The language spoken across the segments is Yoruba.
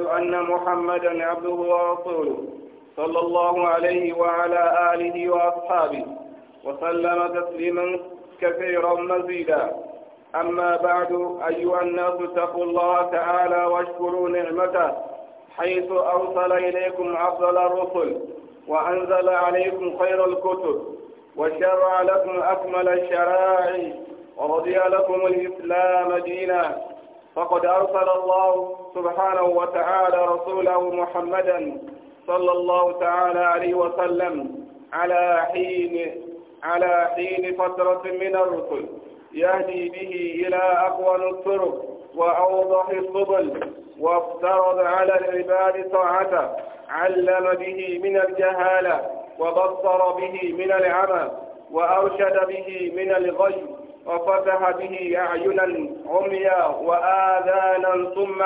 وأشهد أن محمدا عبده ورسوله صلى الله عليه وعلى آله وأصحابه وسلم تسليما كثيرا مزيدا أما بعد أيها الناس اتقوا الله تعالى واشكروا نعمته حيث أرسل إليكم أفضل الرسل وأنزل عليكم خير الكتب وشرع لكم أكمل الشرائع ورضي لكم الإسلام دينا فقد أرسل الله سبحانه وتعالى رسوله محمدا صلى الله تعالى عليه وسلم على حين على حين فترة من الرسل يهدي به إلى أقوى الطرق وأوضح السبل وافترض على العباد طاعته علم به من الجهالة وبصر به من العمى وأرشد به من الغي وفتح به أعينا عميا وآذانا ثم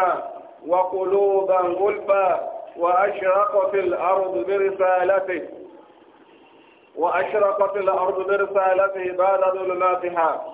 وقلوبا غلفا وأشرق في الأرض برسالته وأشرقت الأرض برسالته بعد ظلماتها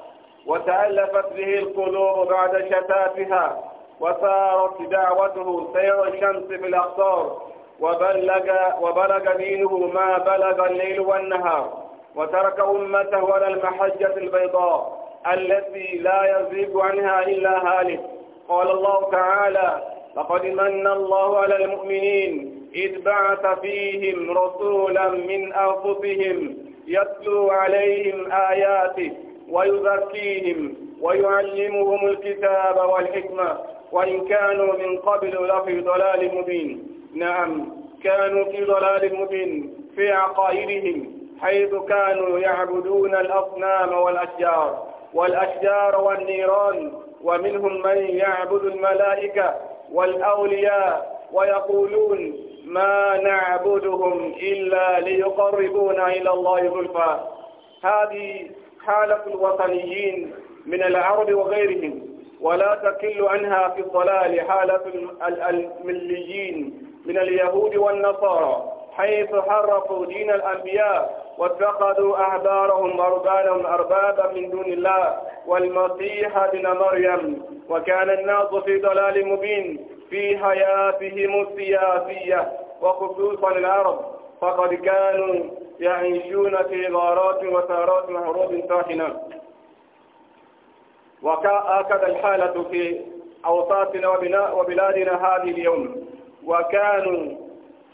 وتألفت به القلوب بعد شتاتها وصارت دعوته سير الشمس في الأقطار وبلغ, وبلغ دينه ما بلغ الليل والنهار وترك أمته على المحجة البيضاء التي لا يزيد عنها إلا هالك قال الله تعالى لقد من الله على المؤمنين إذ بعث فيهم رسولا من أنفسهم يتلو عليهم آياته ويزكيهم ويعلمهم الكتاب والحكمة وإن كانوا من قبل لفي ضلال مبين نعم كانوا في ضلال مبين في عقائدهم حيث كانوا يعبدون الأصنام والأشجار والأشجار والنيران ومنهم من يعبد الملائكة والأولياء ويقولون ما نعبدهم إلا ليقربونا إلى الله ظلفا هذه حالة الوطنيين من العرب وغيرهم ولا تقل عنها في الضلال حالة المليين من اليهود والنصارى حيث حرفوا دين الأنبياء واتخذوا أحبارهم وربانهم أربابا من دون الله والمسيح ابن مريم وكان الناس في ضلال مبين في حياتهم السياسية وخصوصا العرب فقد كانوا يعيشون في غارات وسارات وحروب ساخنة وكأكد الحالة في أوساطنا وبلادنا هذه اليوم وكانوا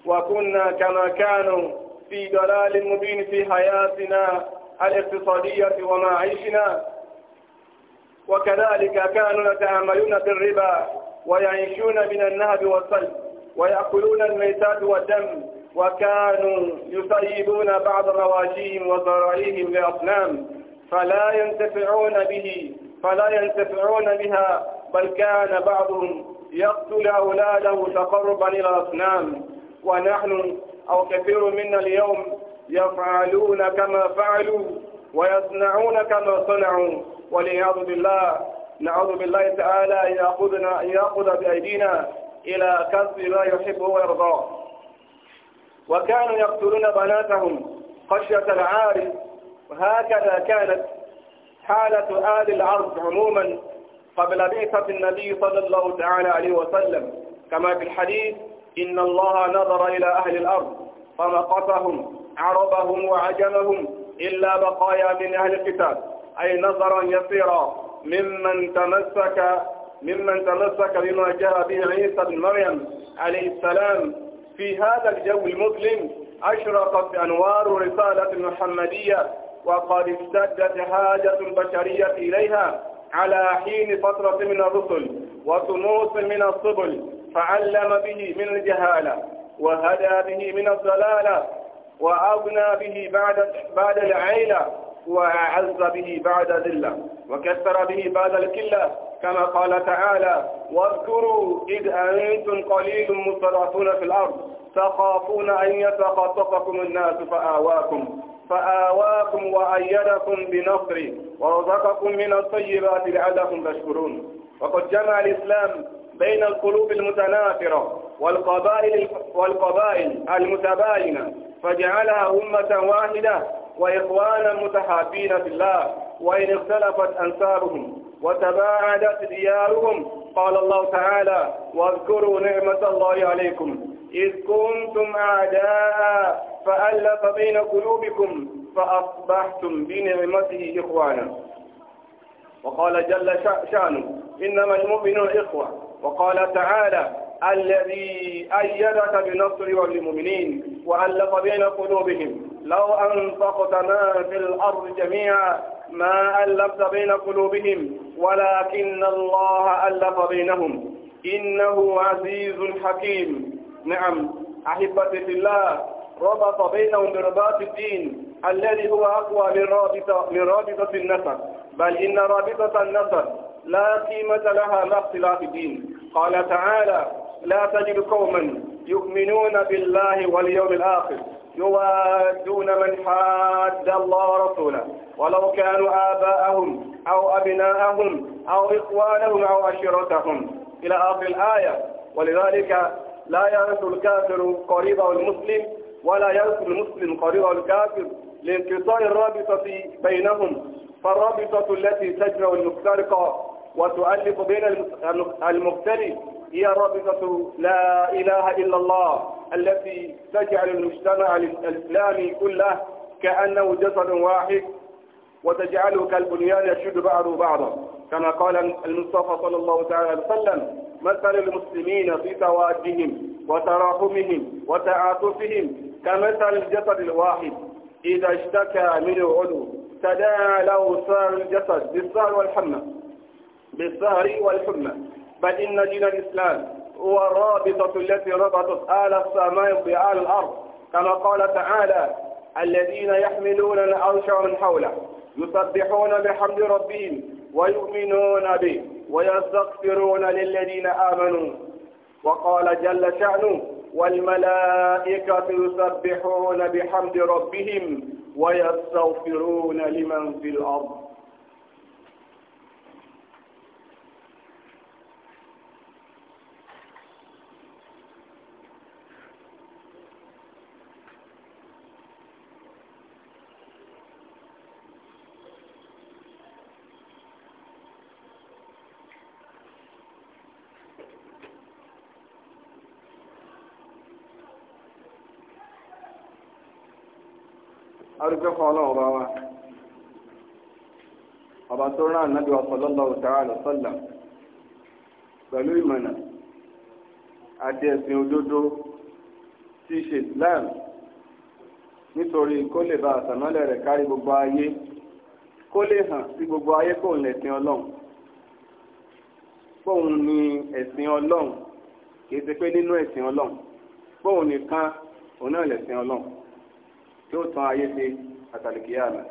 وكنا كما كانوا في ضلال مبين في حياتنا الاقتصادية ومعيشنا وكذلك كانوا يتعاملون بالربا ويعيشون من النهب والصلب ويأكلون الميتات والدم وكانوا يطيبون بعض رواجيهم وذراريهم لأصنام فلا ينتفعون به فلا ينتفعون بها بل كان بعضهم يقتل أولاده تقربا إلى الأصنام ونحن أو كثير منا اليوم يفعلون كما فعلوا ويصنعون كما صنعوا والعياذ بالله نعوذ بالله تعالى أن يأخذنا أن يأخذ بأيدينا إلى كسب ما يحبه ويرضاه وكانوا يقتلون بناتهم خشية العار وهكذا كانت حالة آل العرض عموما قبل بعثة النبي صلى الله تعالى عليه وسلم كما في الحديث إن الله نظر إلى أهل الأرض فمقتهم عربهم وعجمهم إلا بقايا من أهل الكتاب أي نظرا يسيرا ممن تمسك ممن تمسك بما جاء به عيسى بن مريم عليه السلام في هذا الجو المظلم أشرقت أنوار رسالة المحمدية وقد اشتدت حاجة البشرية إليها على حين فترة من الرسل وطموس من السبل فعلم به من الجهالة وهدى به من الضلالة وأغنى به بعد, بعد العيلة وأعز به بعد ذلة وكثر به بعد الكلة كما قال تعالى واذكروا إذ أنتم قليل مستضعفون في الأرض تخافون أن يتخطفكم الناس فآواكم فآواكم وأيدكم بنصري ورزقكم من الطيبات لعلكم تشكرون وقد جمع الإسلام بين القلوب المتنافرة والقبائل والقبائل المتباينة فجعلها أمة واحدة وإخوانا متحابين في الله وإن اختلفت أنسابهم وتباعدت ديارهم قال الله تعالى واذكروا نعمة الله عليكم إذ كنتم أعداء فألف بين قلوبكم فأصبحتم بنعمته إخوانا وقال جل شأنه إنما المؤمنون إخوة وقال تعالى الذي أيدك بنصر والمؤمنين وألف بين قلوبهم لو أنفقت ما في الأرض جميعا ما ألفت بين قلوبهم ولكن الله ألف بينهم إنه عزيز حكيم نعم أحبتي في الله ربط بينهم برباط الدين الذي هو أقوى من رابطة, من رابطة النسب بل إن رابطة النسب لا قيمة لها مع اختلاف الدين قال تعالى لا تجد قوما يؤمنون بالله واليوم الآخر يوادون من حاد الله ورسوله ولو كانوا آباءهم أو أبناءهم أو إخوانهم أو عشيرتهم إلى آخر الآية ولذلك لا يرث الكافر قريبه المسلم ولا يرث المسلم قريبه الكافر لانقطاع الرابطة بينهم فالرابطة التي تجرى المفترقة وتؤلف بين المبتدئ هي رابطة لا إله إلا الله التي تجعل المجتمع الإسلامي كله كأنه جسد واحد وتجعله كالبنيان يشد بعضه بعضا كما قال المصطفى صلى الله عليه وسلم مثل المسلمين في توادهم وتراحمهم وتعاطفهم كمثل الجسد الواحد إذا اشتكى منه عضو تداعى له سائر الجسد بالسهر والحمى بالظهر والحمى بل إن دين الإسلام هو الرابطة التي ربطت آل السماء بآل الأرض كما قال تعالى الذين يحملون الأرش من حوله يسبحون بحمد ربهم ويؤمنون به ويستغفرون للذين آمنوا وقال جل شأنه والملائكة يسبحون بحمد ربهم ويستغفرون لمن في الأرض arúgbó fún ọlọ́run bá wa ọba tó rán ànábì sallallahu ta'ala sallam pẹ̀lú ìmọ̀nà àti ẹ̀sìn òdodo tí í ṣe Islam nítorí kó lè bá àtàmọ́lẹ̀ rẹ̀ kárí gbogbo ayé kó lè hàn sí gbogbo ayé kóun lẹ̀sìn ọlọ́run kóun ní ẹ̀sìn ọlọ́run kì í ṣe pé nínú ẹ̀sìn ọlọ́run kóun nìkan òun náà lẹ̀sìn ọlọ́run tí ó tán ayé ṣe àtàlùkìyàmà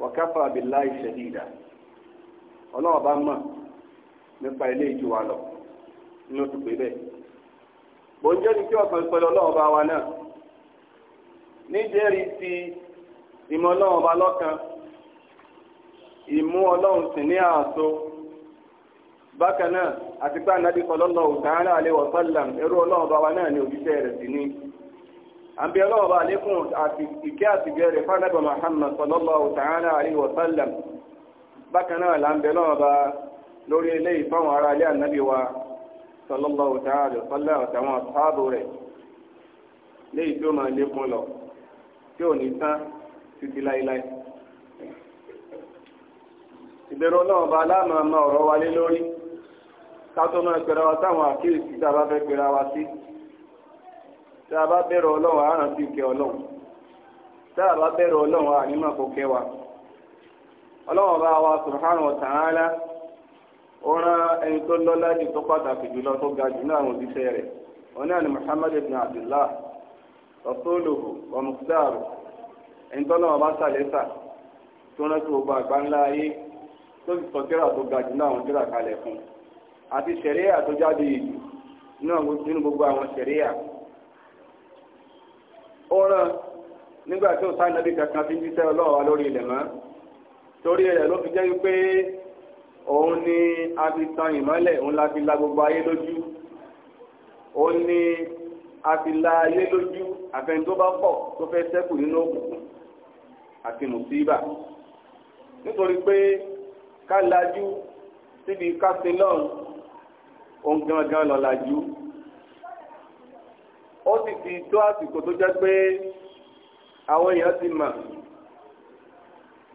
wàkàfà billahi shahida ọlọ́wọ́ bá mọ̀ nípa ilé ìjù wa lọ nínú tó pé bẹ́ẹ̀ bó ń jẹ́rìí tí ọ̀kan pẹ̀lú ọlọ́wọ́ bá wa náà níjẹ́rìí ti ìmọ̀ ọlọ́wọ́ bá lọ́kan ìmú ọlọ́run sì ní àṣọ bákan náà àti pé ànábì sallallahu ta'ala alaihi wa sallam ẹrú ọlọ́wọ́ bá wa náà ní òjíṣẹ́ rẹ̀ sí ní àbí ọlọ́ọ̀bá alékún àti ìkẹ́ àti gẹ̀rẹ̀ fánàbà Muhammad sallallahu ta'ala alayhi wa sallam bákan náà là ń bẹ lọ́ọ̀bá lórí ilé ìfáwọn ará ilé ànábì wa sallallahu ta'ala sallallahu àtàwọn àtàbò rẹ̀ léyìí tí ó máa tá a bá bẹ̀rù ọlọ́run á rántí kẹ́ ọlọ́run tá a bá bẹ̀rù ọlọ́run á nímọ̀ kó wa ọlọ́run bá wa subhanahu ta'ala ó rán ẹni tó lọ́lá jù tó pàtàkì jùlọ tó ga jù náà àwọn òṣìṣẹ́ rẹ̀ ọ̀nà ni muhammad ibn abdullah rasuluhu wa mukhtaru ẹni tó lọ́wọ́ bá sàlẹ́sà tó ayé tó sọ kíra tó ga jù náà àwọn kíra kalẹ̀ fún àti sẹ̀ríyà tó jáde yìí ó ràn nígbà tí ó sá nàbí kankan fi ń jíṣẹ́ ọlọ́ọ̀wá lórí ilẹ̀ mọ́ torí rẹ̀ ló fi jẹ́ wípé òun ni a fi tan ìmọ́lẹ̀ òun la fi la gbogbo ayé lójú òun ni a fi la ayé lójú àfẹn tó bá pọ̀ tó fẹ́ ṣẹ́kù nínú òkùnkùn àti mùsíbà nítorí pé ká lajú síbi ká sin lọ́run òun gangan lọ́làjú. La ó sì ti tó àsìkò tó jẹ́ pé àwọn èèyàn ti mọ̀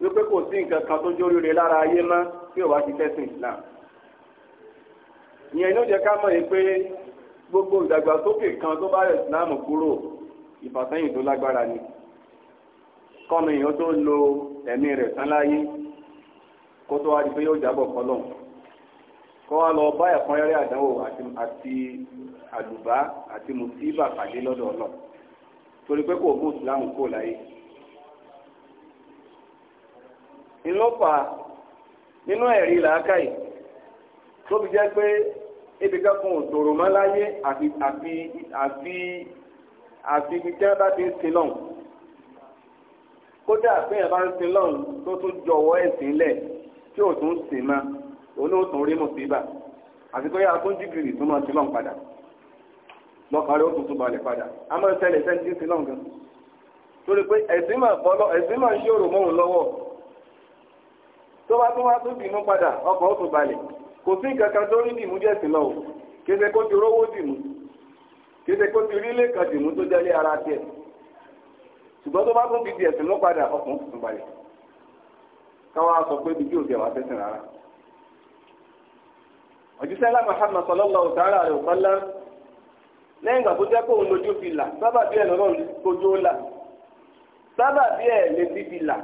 wípé kò sí nǹkan kan tó jórí rẹ̀ lára ayé mọ́ tí ò bá ti tẹ́sìn Islam ìyẹn ló jẹ́ ká mọ̀ yìí pé gbogbo ìdàgbàsókè kan tó bá rẹ̀ Islam kúrò ìfàsẹ́yìn tó lágbára ni kọ́mi èèyàn tó lo ẹ̀mí rẹ̀ tán láyé kó tó wá di pé yóò jábọ̀ kọ́lọ̀ kọ́ wa lọ bá ẹ̀kọ́ rẹ̀ àdánwò àti àlùbá àti mùsíbà pàdé lọ́dọ̀ ọlọ́ torí pé kò mú ìsìláàmù kò láyé. ìlọ́pà nínú ẹ̀rí làákàyè tó fi jẹ́ pé ebi kankan ò tòrò mọ́ láyé àfi àfi àfi àfi ibi tí wọ́n bá ti ń sin lọ́hùn kódà pé ẹ̀ bá ń sin lọ́hùn tó tún jọ̀wọ́ ẹ̀sìn lẹ̀ tí ò tún sìn mọ́ òun rí mùsíbà àti pé a tó máa sin lọ́hùn padà. lọ́kàn rẹ̀ balẹ̀ padà a máa ń ṣẹlẹ̀ sí náà gan torí pé ẹ̀sìn máa bọ́lọ́ ẹ̀sìn máa ń ṣòro mọ́hùn lọ́wọ́ tó bá tún wá tún padà ọkọ̀ balẹ̀ kò sí nǹkan kan tó rí díẹ̀ sí kéde kó ti rówó dìmú kéde kó ti rílé kan dìmú tó jẹ́lé ara tiẹ̀ ṣùgbọ́n tó bá tún lẹ́yìn ìgbà tó jẹ́ pé òun lójú fi là sábàbí ẹ̀ lọ́rọ̀ lójú ó là sábàbí ẹ̀ létí fi là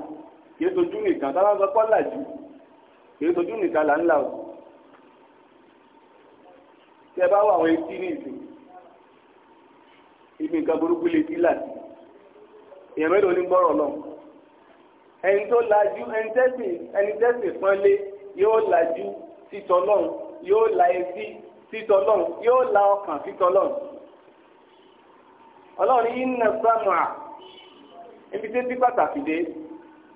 kì í sojú nìkan sábà sọ pọ́ làjú kì í sojú nìkan là ń là o tẹ bá wà àwọn etí ní ìsìn ibi nǹkan burúkú létí là sí èèyàn mélòó ní gbọ́rọ̀ náà ẹni tó làjú ẹni tẹ́sìn ẹni tẹ́sìn pọ́nlé yóò làjú títọ́ lọ́hùn yóò la etí títọ́ lọ́hùn yóò la ọkàn títọ́ lọ́hùn. ọlọ́run yìí nà sàmùà ibi tí ti pàtàkì dé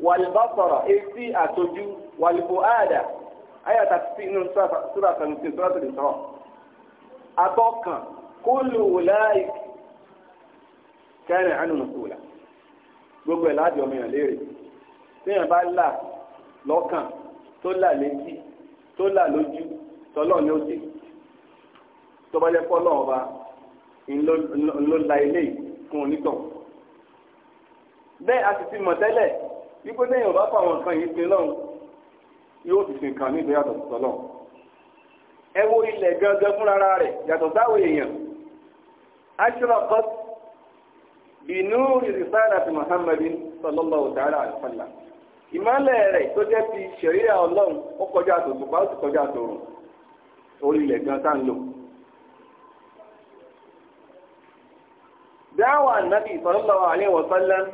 wàlùbọ́sọ̀rọ̀ etí àtọ́jú wàlùbọ́ àdà ayàtà sí inú sura seventeen sura twenty four atọ́kàn kólú wòláì kẹrin gbogbo ẹ̀ láti ọmọ yàn léèrè la bá là lọ́kàn tó là létí tó là lójú tọ́lọ́ ni ńlọ la ilé fún onítàn bẹ́ẹ̀ a sì ti mọ̀ tẹ́lẹ̀ wípé lẹ́yìn ọba fún àwọn nǹkan yìí sin lọ́hùn yóò sì sin nǹkan níbi yàtọ̀ sọ́lọ́ ẹ wo ilẹ̀ gangan fúnra rẹ̀ yàtọ̀ sáwọn èèyàn ashraqat binúri risalati muhammadin sallallahu ta'ala alaihi wasallam ìmọ̀lẹ̀ rẹ̀ tó jẹ́ ti ṣẹ̀ríà ọlọ́run ó kọjá àtòsùpá ó sì kọjá àtòrùn orí ilẹ̀ gan tá ń lò. dáwà nàbì sallallahu alaihi wa sallam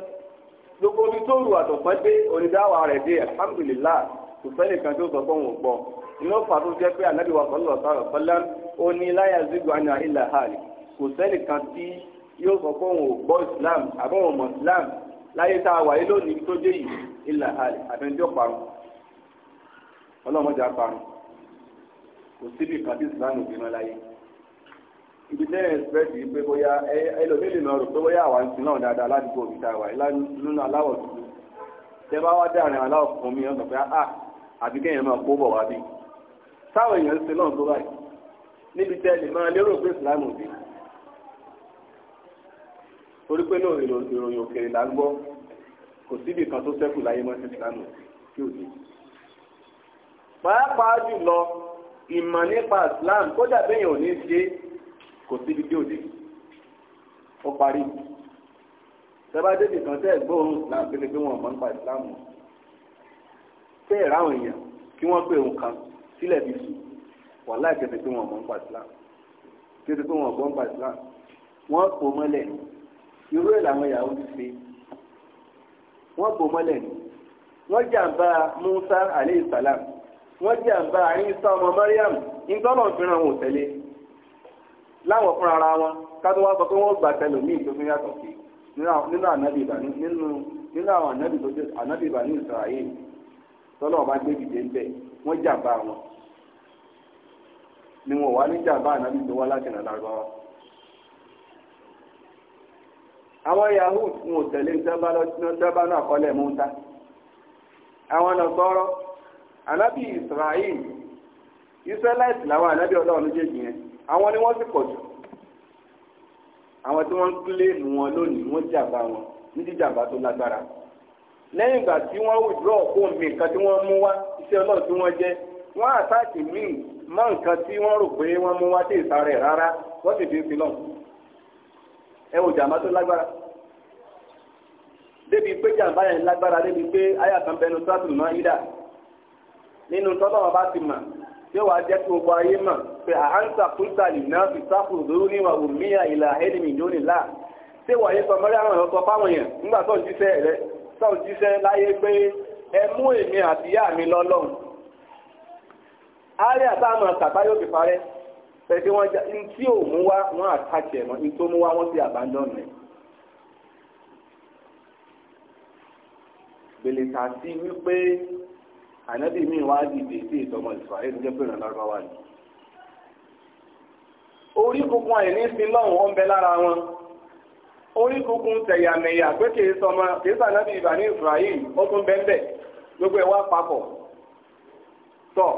gbogbo omi tó rù àtọ̀pẹ́ dé orí dáwà rẹ̀ dé alhamdulillah kò sẹ́ni kan tó sọ pé òun gbọ́ inú fà tó jẹ́ pé ànábì wa sallallahu alaihi wa sallam ó ní láyà zigbó àná ilà hàlì kò sẹ́ni kan tí yóò sọ pé òun gbọ́ Islam àbọ̀wọ̀n mọ̀ Islam láyé tá a wà yìí lónìí tó dé yìí ilà hàlì àbẹ̀ńdẹ́ parun ọlọ́mọdé á parun kò síbi kan tí Islam ò bímọ láyé. ibi tẹ́ ẹ̀sìpẹ́sì pé bóyá ẹlòmílì náà ya pé bóyá àwa ń náà dáadáa ládùúgbò òbí táwa nínú aláwọ̀ dúdú tẹ́ bá wá dáàrin aláwọ̀ mi ọ̀sán pé a ah, ah, àbí kéèyàn máa kó bọ̀ wá bí táwọn èèyàn ń sin náà tó báyìí níbi tẹ́ lè máa lérò pé ìsìlámù bí torí pé náà ìròyìn òkèèrè là ń gbọ́ kan tó sẹ́kù láyé mọ́ sí kí ò ní. pàápàá ìmọ̀ nípa kò síbi tí ò dé ó parí sábà débi kan tẹ́ ẹ̀gbọ́n islam pé pé wọ́n mọ̀ nípa islam tẹ́ ẹ̀ ráwọn èèyàn kí wọ́n pè òun kan sílẹ̀ bí sùn wà láì tẹ̀sẹ̀ pé wọ́n mọ̀ nípa islam tẹ̀sẹ̀ pé wọ́n gbọ́ nípa islam wọ́n pò mọ́lẹ̀ ní irú ẹ̀ làwọn ìyàwó ti ṣe wọ́n pò mọ́lẹ̀ ní wọ́n jàǹbá Musa aleyhisalaam wọ́n jàǹbá ayinsa ọmọ Mariam nígbà náà fẹ́ràn òun tẹ́lẹ̀ láwọn fúnra ara wọn kátó wá sọ pé wọ́n gbà tẹlòmíì tó fi sí nínú ànábì ìbàní nínú nínú àwọn ànábì tó jẹ ànábì ìbàní ọba gbé dìde wọ́n jàmbá wọn ni wọn wá ní jàmbá ànábì tó wá láti nàlá àwọn Yahud ń ò tẹ̀lé náà kọ́lẹ̀ àwọn ọ̀nà sọ̀rọ̀ ànábì Israelite làwọn ànábì ọlọ́run jẹ́ jìyẹn. àwọn ni wọ́n sì pọ̀ àwọn tí wọ́n ń wọn lónìí wọ́n jàmbá wọn ní jíjàmbá tó lágbára lẹ́yìn ìgbà tí wọ́n wùdúrọ̀ kó mi nǹkan tí wọ́n mú wá iṣẹ́ ọlọ́run tí wọ́n jẹ́ wọ́n àtàkì míì mọ́ nǹkan tí wọ́n rò pé wọ́n mú wá sí ìsàrẹ̀ rárá wọ́n sì fi ẹ wò jàmbá tó lágbára débi pé jàmbá yẹn lágbára débi pé ayàtọ̀ yóò wá jẹ́ kí gbogbo ayé mọ̀ pé à ń sàkúntà lì náà fi sáfù lórí níwà òmíyà ìlà ẹ̀lìmì lónìí láà ṣé wàá yẹ sọ mọ́rẹ́ àwọn ọ̀sọ́ fáwọn èèyàn nígbà tó ń jíṣẹ́ rẹ tó ń jíṣẹ́ láyé pé ẹ mú èmi àti ìyá mi lọ́lọ́run. àárẹ̀ àtàwọn àtàtà yóò fi parẹ́ pẹ̀lú wọn tí ò mú wá wọn àtàkì ẹ̀mọ́ ní tó mú wá wọn ti àbándọ́n rẹ̀. bèlè ànábì mi wá dìde sí ìtọ́mọ ìsirahẹ́lì jẹ́ pé ìrànlọ́rọ́ wà ní. orí kunkun àìní sí lọ́hùn ó ń bẹ lára wọn orí kunkun tẹ̀yàmẹ̀yà pé kìí sọmọ kìí sànábì ìbàní ìsirahẹ́lì ó tún bẹ́ńbẹ́ gbogbo ẹ̀ wá papọ̀ tọ̀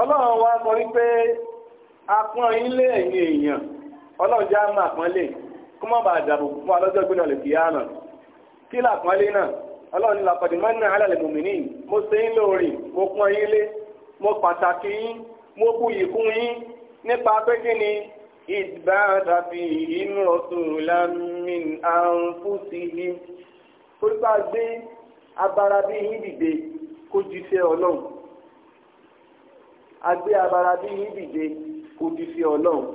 ọlọ́run wa sọ wípé apọ́n ilé ẹ̀yìn èèyàn ọlọ́run jẹ́ àmọ́ àpọ́nlé kó má bàa dàbò fún alọ́jọ́ gbé lọ́lẹ̀ kìí ọlọ́run ní làkọ̀dì máa ń ná alẹ́ lẹ́mọ̀mìnì mo ṣe yín lóore mo pọ́n yín lé mo pàtàkì yín mo bu ìkún yín nípa pé kí ni ìgbà tàbí inú ọ̀sùn lámì àǹfùsìlì torípa gbé abara bí yín dìde kó jíṣẹ́ ọlọ́run agbé abara bí yín dìde kó jíṣẹ́ ọlọ́run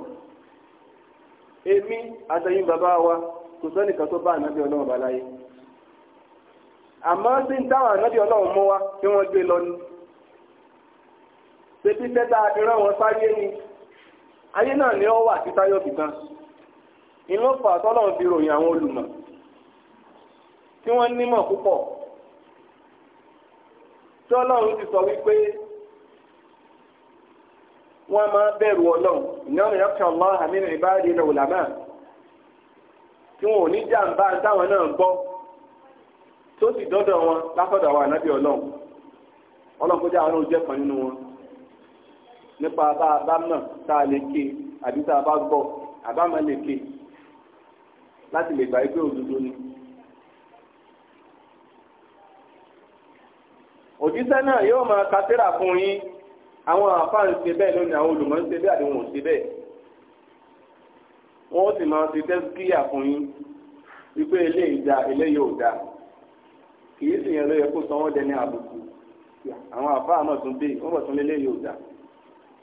èmi àtẹ̀yìn bàbá wa kò sọ́nìkan tó bá ànábì ọlọ́run bá láyé. àmọ́ sí ń táwọn ànábì ọlọ́run mú wa kí wọ́n gbé lọ ni ṣebí tẹ́tà ìran wọn sáyé ni ayé náà ni ọ wà sí táyọ̀ bìkan inú fà tọ́lọ́run fi ròyìn àwọn olùmọ̀ tí wọ́n nímọ̀ púpọ̀ tí ọlọ́run ti sọ wípé wọ́n máa bẹ̀rù ọlọ́run ìnáwó yọkẹ́ ọlọ́run àmì ìbáraẹni ìlànà tí wọn ò ní jàǹbá táwọn náà gbọ́. tó sì dọ́dọ̀ wọn látọ̀dọ̀ àwọn ànábì ọlọ́run ọlọ́run kó jẹ́ àwọn oúnjẹ kan nínú wọn nípa bá a bá mọ̀ tá a lè ké àbí tá a bá gbọ́ àbá lè ké láti lè gbà pé òdodo ni. òjíṣẹ́ náà yóò máa ka tírà fún yín àwọn àfáà ń ṣe bẹ́ẹ̀ lónìí àwọn olùmọ̀ ń ṣe bẹ́ẹ̀ àti ò ṣe bẹ́ẹ̀ wọ́n sì máa ṣe tẹ́síkíyà fún yín wípé eléyìí dáa eléyìí ò dáa. kìí sì yẹn ló yẹ kó dẹni àbùkù àwọn àfa a bẹ́ẹ̀ wọ́n mọ̀ tún lé yóò dà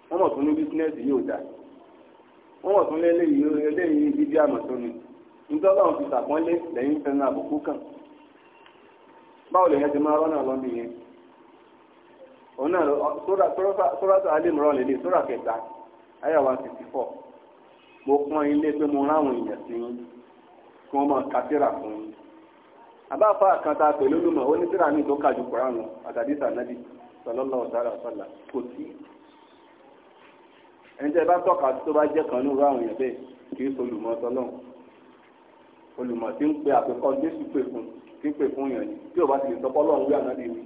wọ́n mọ̀ tún ní bísínẹ́sì yóò dà wọ́n mọ̀ tún lélẹ̀ eléyìí bíbí ni nítorí fi sàpọ́nlé lẹ́yìn fẹ́ àbùkù kàn báwo lè yẹn ti máa rọ́nà yẹn òun náà sórà four mo ilé pé mo ráwọn èèyàn sí kí wọ́n àbáfà àkàtà pẹ̀lú lùmọ̀ ó ní síra mi tó kàjú kùránù àtàdísà nábì sọlọ́lọ́ ọ̀sára sọ́là kò sí. ẹni tẹ́ bá tọ́ka tó bá jẹ́ kan nínú àwọn èèyàn bẹ́ẹ̀ kì í solùmọ̀ tọ́lọ́hún olùmọ̀ tí ń pe àpẹkọ jésù pè fún tí ń pè fún yàn ni tí ò bá ti lè sọpọ́ lọ́run wí ànábì mi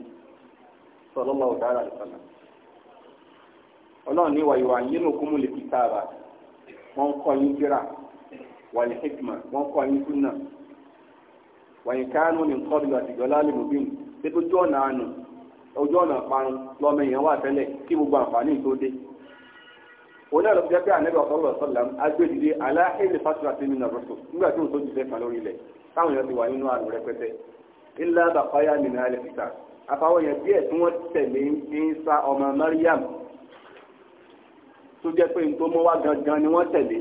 sọlọ́lọ́ ọ̀sára sọ́là. ọlọ́run ní wàyíwá yínú kúmùlì kìtàbà wọ́n kọ́ yín kíra wàlẹ̀ hikma wọ́n kọ́ yín súnà wàyí káánú ní nǹkan ìlú àtijọ́ lálẹ́ mòbíìn pé ojú ọ̀nà àánú ojú ọ̀nà parun lọ́mọ èèyàn wà tẹ́lẹ̀ kí gbogbo àǹfààní tó dé. òun náà lọ fi jẹ́ pé ànẹ́bí ọ̀sọ́lọ̀ sọ́lá agbẹ́dìde aláhẹ́lì fásitì àti nínú àrùsọ nígbà tí òun tó jù sẹ́fà lórí ilẹ̀ táwọn èèyàn ti wà nínú àrùn rẹpẹtẹ. ńlá bàfáyà nínú alẹ́ fìtà àfàwọn èèyàn díẹ̀ tí wọ́n tẹ̀lé ń sa ọmọ Mariam tó jẹ́ pé nítorí wọ́n wá gangan ni wọ́n tẹ̀lé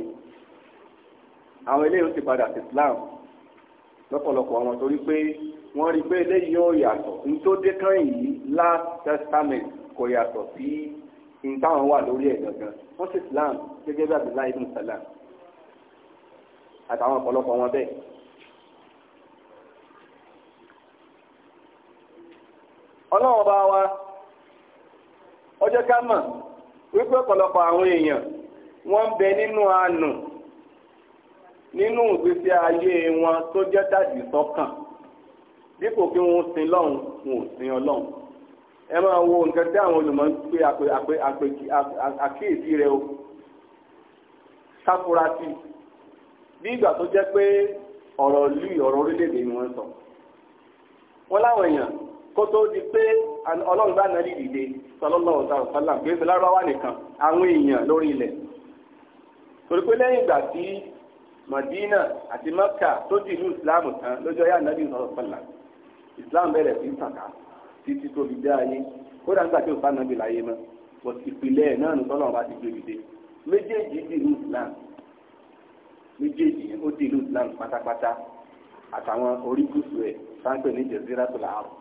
àwọn eléyìí ti padà sí Islam lọ́pọ̀lọpọ̀ àwọn torí pé wọ́n rí pé eléyìí yóò yàtọ̀ ní tó dé kán yìí last testament kò yàtọ̀ sí ní táwọn wà lórí ẹ̀ gangan wọ́n sì Islam gẹ́gẹ́ bí Abdullahi ibn Salam àtàwọn ọ̀pọ̀lọpọ̀ wọn bẹ́ẹ̀. ọlọ́run bá wa ó jẹ́ ká mọ̀ wípé ọ̀pọ̀lọpọ̀ àwọn èèyàn wọ́n ń bẹ nínú àánú. nínú ìgbésí ayé wọn tó jẹ́ tàbí sọ́kàn dípò kí wọ́n sin lọ́hùn wọn ò sin ọlọ́hun ẹ máa wo nǹkan tí àwọn olùmọ̀ ń pe àkíyèsí rẹ o sáfúrásì bí ìgbà tó jẹ́ pé ọ̀rọ̀ lù ọ̀rọ̀ orílẹ̀-èdè ni wọ́n sọ wọ́n láwọn èèyàn kó tó di pé ọlọ́run bá nàá dìde sallallahu alaihi wasallam kì í lárúbáwá nìkan àwọn èèyàn lórí ilẹ̀ torí pé lẹ́yìn madina àti maka tó di ìlú ìsìláàmù tán lọ́jọ́ yá nàbí sọ̀rọ̀ pẹ̀lá ìsìláàmù bẹ̀rẹ̀ sí tàkà títí tóbi dé ayé kódà nígbà tí òsán nàbí láyé mọ́ bọ̀ ìpìlẹ̀ náà ní sọ́nà ọba ti tóbi dé méjèèjì di ìlú ìsìláàmù méjèèjì ó di ìlú ìsìláàmù pátápátá àtàwọn orígùsù ẹ̀ sáńpẹ̀ ní jẹ̀zírà tó làárọ̀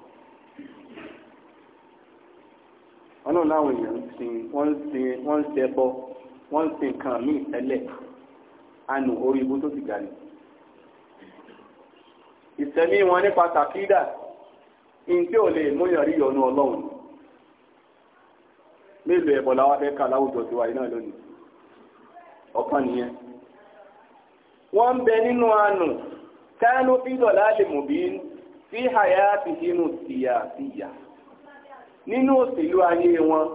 ọlọ́run láwọn èèyàn ń sin wọ́n ń sin wọ́n ń ṣẹbọ wọ́n ń sin nǹkan míì tẹ́lẹ̀ anu orí ibú tó ti gà ìsẹ̀mí wọn nípa tàkídà ní tí ò lè múyàn rí ọlọ́run mélòó ẹ̀bọ̀ làwọn afẹ́ láwùjọ tiwa yìí lónìí nìyẹn. wọ́n ń bẹ nínú anù kánú fídọ̀ láàlè mòbí sí àyà àti sínú tìyà tìyà nínú òṣèlú ayé wọn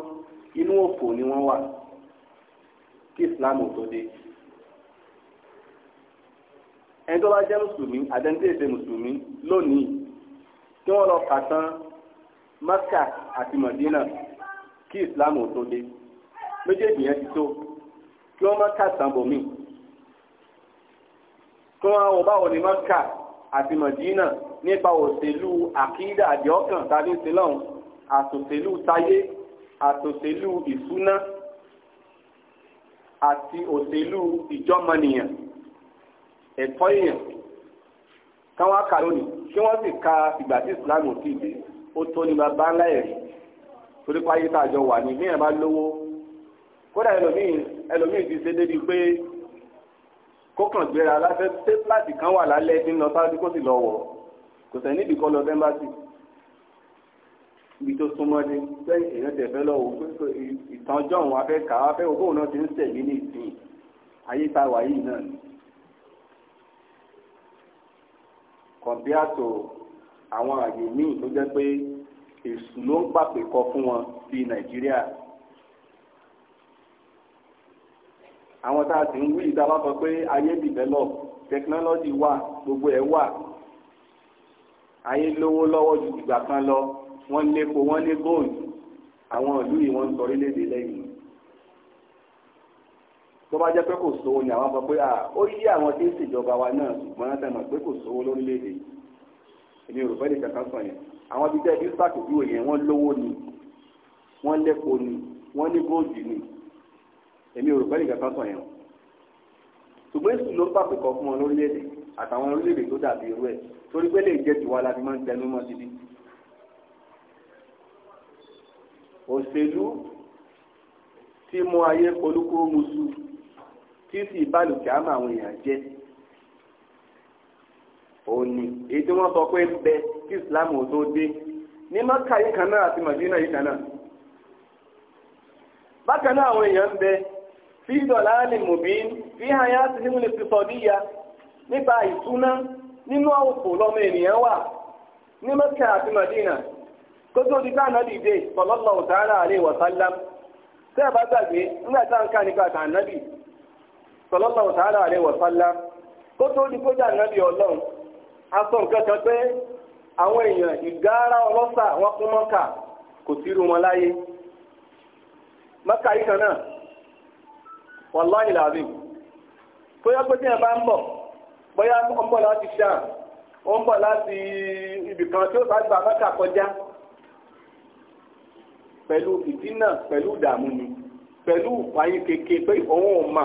inú òfò ni wọn wà kí Islam tó ẹni tó bá jẹ́ mùsùlùmí àtẹnudé èsè mùsùlùmí lónìí kí wọ́n lọ kà tán Mẹ́kà àti Mọ̀dínà kí Islam ò tó dé méjèèjì yẹn ti tó kí wọ́n má kà tán bòmí kí wọ́n wọ́n báwo ni Mẹ́kà àti Mọ̀dínà nípa òṣèlú àkídà àdìọ́kàn tàbí ìṣẹ̀lọ́hún àtòṣèlú táyé àtòṣèlú ìṣúná àti òṣèlú ìjọmọnìyàn ẹ̀tọ́ èèyàn káwọn á kà lónìí kí wọ́n sì ka ìgbà tí Islam ò tíì dé ó tó ní bàbá ńlá ẹ̀rí torí páyé tá a jọ wà ní ìmíràn bá lówó kódà ẹlòmíì ẹlòmíì ti ṣe débi pé kókàn gbéra láfẹ́ pé láti kan wà lálẹ́ tí ń lọ sáájú kó sì lọ wọ̀ kò sẹ́ níbi kọ́ lọ sẹ́mbàsì ibi tó súnmọ́ ní pé èèyàn tẹ̀ fẹ́ lọ́wọ́ pé ìtànjọ́ òun afẹ́ kà á fẹ́ òkú òun náà ti ń tẹ̀lé ní ìsìn ayé tá a wà yìí náà ni. compare to àwọn àyè míì tó jẹ́ pé èsù ló ń pàpè kọ fún wọn bíi nàìjíríà àwọn tá a sì ń wí ìdábà sọ pé ayé develop technology wà gbogbo ẹ̀ wà ayé lówó lọ́wọ́ ju ìgbà kan lọ wọ́n lépo wọ́n lé gold àwọn ìlú yìí wọ́n ń sọ orílẹ̀-èdè lẹ́yìn tó bá jẹ́ pé kò sówó ni àwọn sọ pé à ó yí àwọn tí ń ṣèjọba wa náà ṣùgbọ́n tẹ̀ mọ̀ pé kò sówó lórílẹ̀‐èdè èmi ò rò fẹ́ lè kankan sọ yẹn àwọn bíi tẹ́ẹ̀ bí sàkójúwò yẹn wọ́n lówó ni wọ́n lẹ́kọ̀ọ́ ni wọ́n ní góòdì ni èmi ò rò fẹ́ lè kankan sọ yẹn o ṣùgbọ́n èsì ló pàpè kọ́ fún wọn lórílẹ̀‐èdè àtàwọn orílẹ̀-èdè tó dàbí irú ẹ̀ torí pé lè jẹ́ tiwa la máa ń tẹnu mọ́ síbi. òṣèlú tí mo ayé polúkúrú musu tí ó sì ìbálòkè àmọ́ àwọn èèyàn jẹ́ òní èyí tí wọ́n sọ pé bẹ kí islam ò tó dé ní maka yìí kan náà àti madina yìí kan náà bákan náà àwọn èèyàn bẹ fi dọ̀là ni mubin fi hàn yá sí nínú ti sọ níyà nípa ìtúná nínú òfò lọmọ ènìyàn wà ní maka àti madina kótó ti ká ànábì dé sallallahu ta'ala alaihi wa sallam tẹ́ ẹ bá gbàgbé nígbà tá à ń ká nípa sallallahu ta'ala alaihi wa sallam kó tó di kójà nàbí ọlọ́run aṣọ nǹkan kan pé àwọn èèyàn ìgárá ọlọ́sà wọn kún mọ́kà kò sí irú wọn láyé mọ́kà yìí kan náà wàláhì làbí bóyá pé tí ẹ bá ń bọ̀ bóyá ń bọ̀ láti ṣáà ń bọ̀ láti ibìkan tí ó bá gba mọ́kà kọjá pẹ̀lú ìdínà pẹ̀lú ìdààmú ni pẹ̀lú ìpayín kékeré pé òun ò mà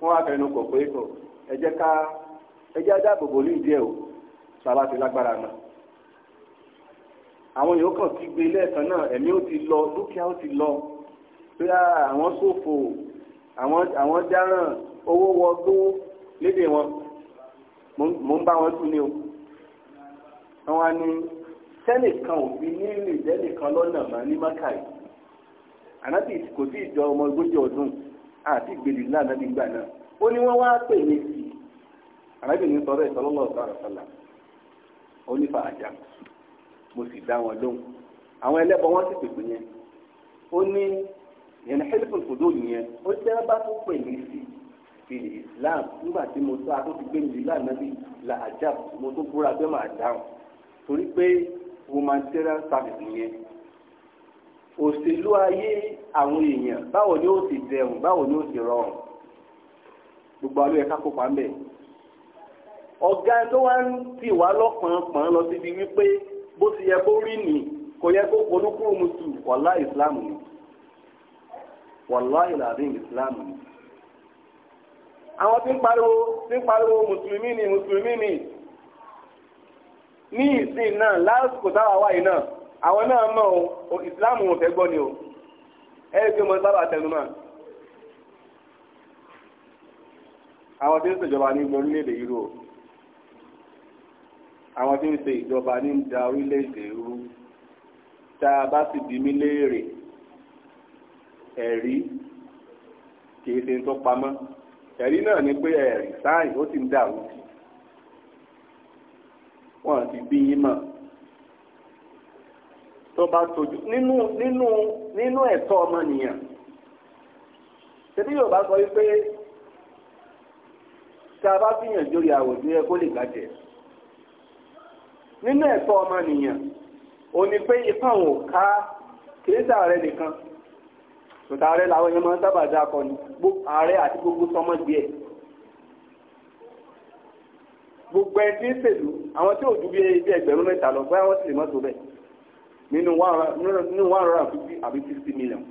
wọ́n á fẹnu kọ̀ pé kọ̀ ẹ jẹ́ ká ẹ jẹ́ dáàbò bò lóyún díẹ̀ o sábà ti lágbára náà. àwọn yòókù kan ti gbé lẹ́ẹ̀kan náà ẹ̀mí ó ti lọ dúkìá ó ti lọ pé àwọn ṣòfò àwọn dáràn owó wọ gbówó lédè wọn mò ń bá wọn tún ní o. àwọn á ní sẹ́nìkan ò fi ní ìrìn ìdẹ́nìkan lọ́nà mọ́ ní mákàrí ànábì kò tí ì jọ ọmọ ogójì ọdún àti ìgbèlè ńlá ànábì gbà náà ó ní wọ́n wá pè mí sí i ànábì ní sọ̀rọ̀ ìsọlọ́lọ́ sàrọ̀sọ̀là ó ní fàájà mo sì dá wọn lóhùn àwọn ẹlẹ́bọ wọn sì pèpè yẹn ó ní yẹn ní hẹ́lifù fòdó nìyẹn ó ní bá tún pè mí sí i Islam nígbà tí mo sọ àtúntò gbé mi lílá ànábì là àjà mo tún búra pé màá dáhùn torí pé humanitarian service nìyẹn òṣèlú ayé àwọn èèyàn báwo ni ó ti dẹrùn báwo ni ó ti rọrùn gbogbo àwọn ẹ̀ka kópa ńbẹ̀ ọ̀gá tó wá ń tì wá lọ́pọ̀npọ̀n lọ síbi wípé bó ti yẹ kó rí nì kò yẹ kó polúkúrò mutu wàlá ìsìláàmù ni wàlá ìlàdín ìsìláàmù ni àwọn tí ń pariwo tí ń pariwo mùsùlùmí ni mùsùlùmí ni ní ìsìn náà lásìkò táwa wáyé náà àwọn náà mọ̀ o ìsìláàmù wọn fẹ́ gbọ́ ni o ẹ ẹ gbé mọ sábà tẹnu mọ́ àwọn tí ń ṣèjọba ní gbọ orílẹ̀-èdè yìí rò àwọn tí ń ṣe ìjọba ní da orílẹ̀-èdè rú tá a bá sì bí mí léèrè ẹ̀rí kìí ṣe tó pamọ́ ẹ̀rí náà ni pé ẹ̀rí sáàyè ó ti ń dàrú sí ti bí yín mọ̀ tó bá tójú nínú nínú nínú ẹ̀tọ́ ọmọnìyàn ṣebí yóò bá sọ wípé tá a bá fìyànjú rí àwòdì ẹ kó lè gbàjẹ́ nínú ẹ̀tọ́ ọmọnìyàn ò ní pé ipá òun ò ká kìí sàárẹ̀ nìkan tòtà ààrẹ làwọn èèyàn máa ń sábà dá akọ ni ààrẹ àti gbogbo sọmọ díẹ̀ gbogbo ẹni tí ń ṣèlú àwọn tí ò ju bí ẹgbẹ̀rún mẹ́ta lọ bóyá wọ́n sì lè mọ́tò bẹ́ẹ̀ nínú one hundred and fifty àbí sixty million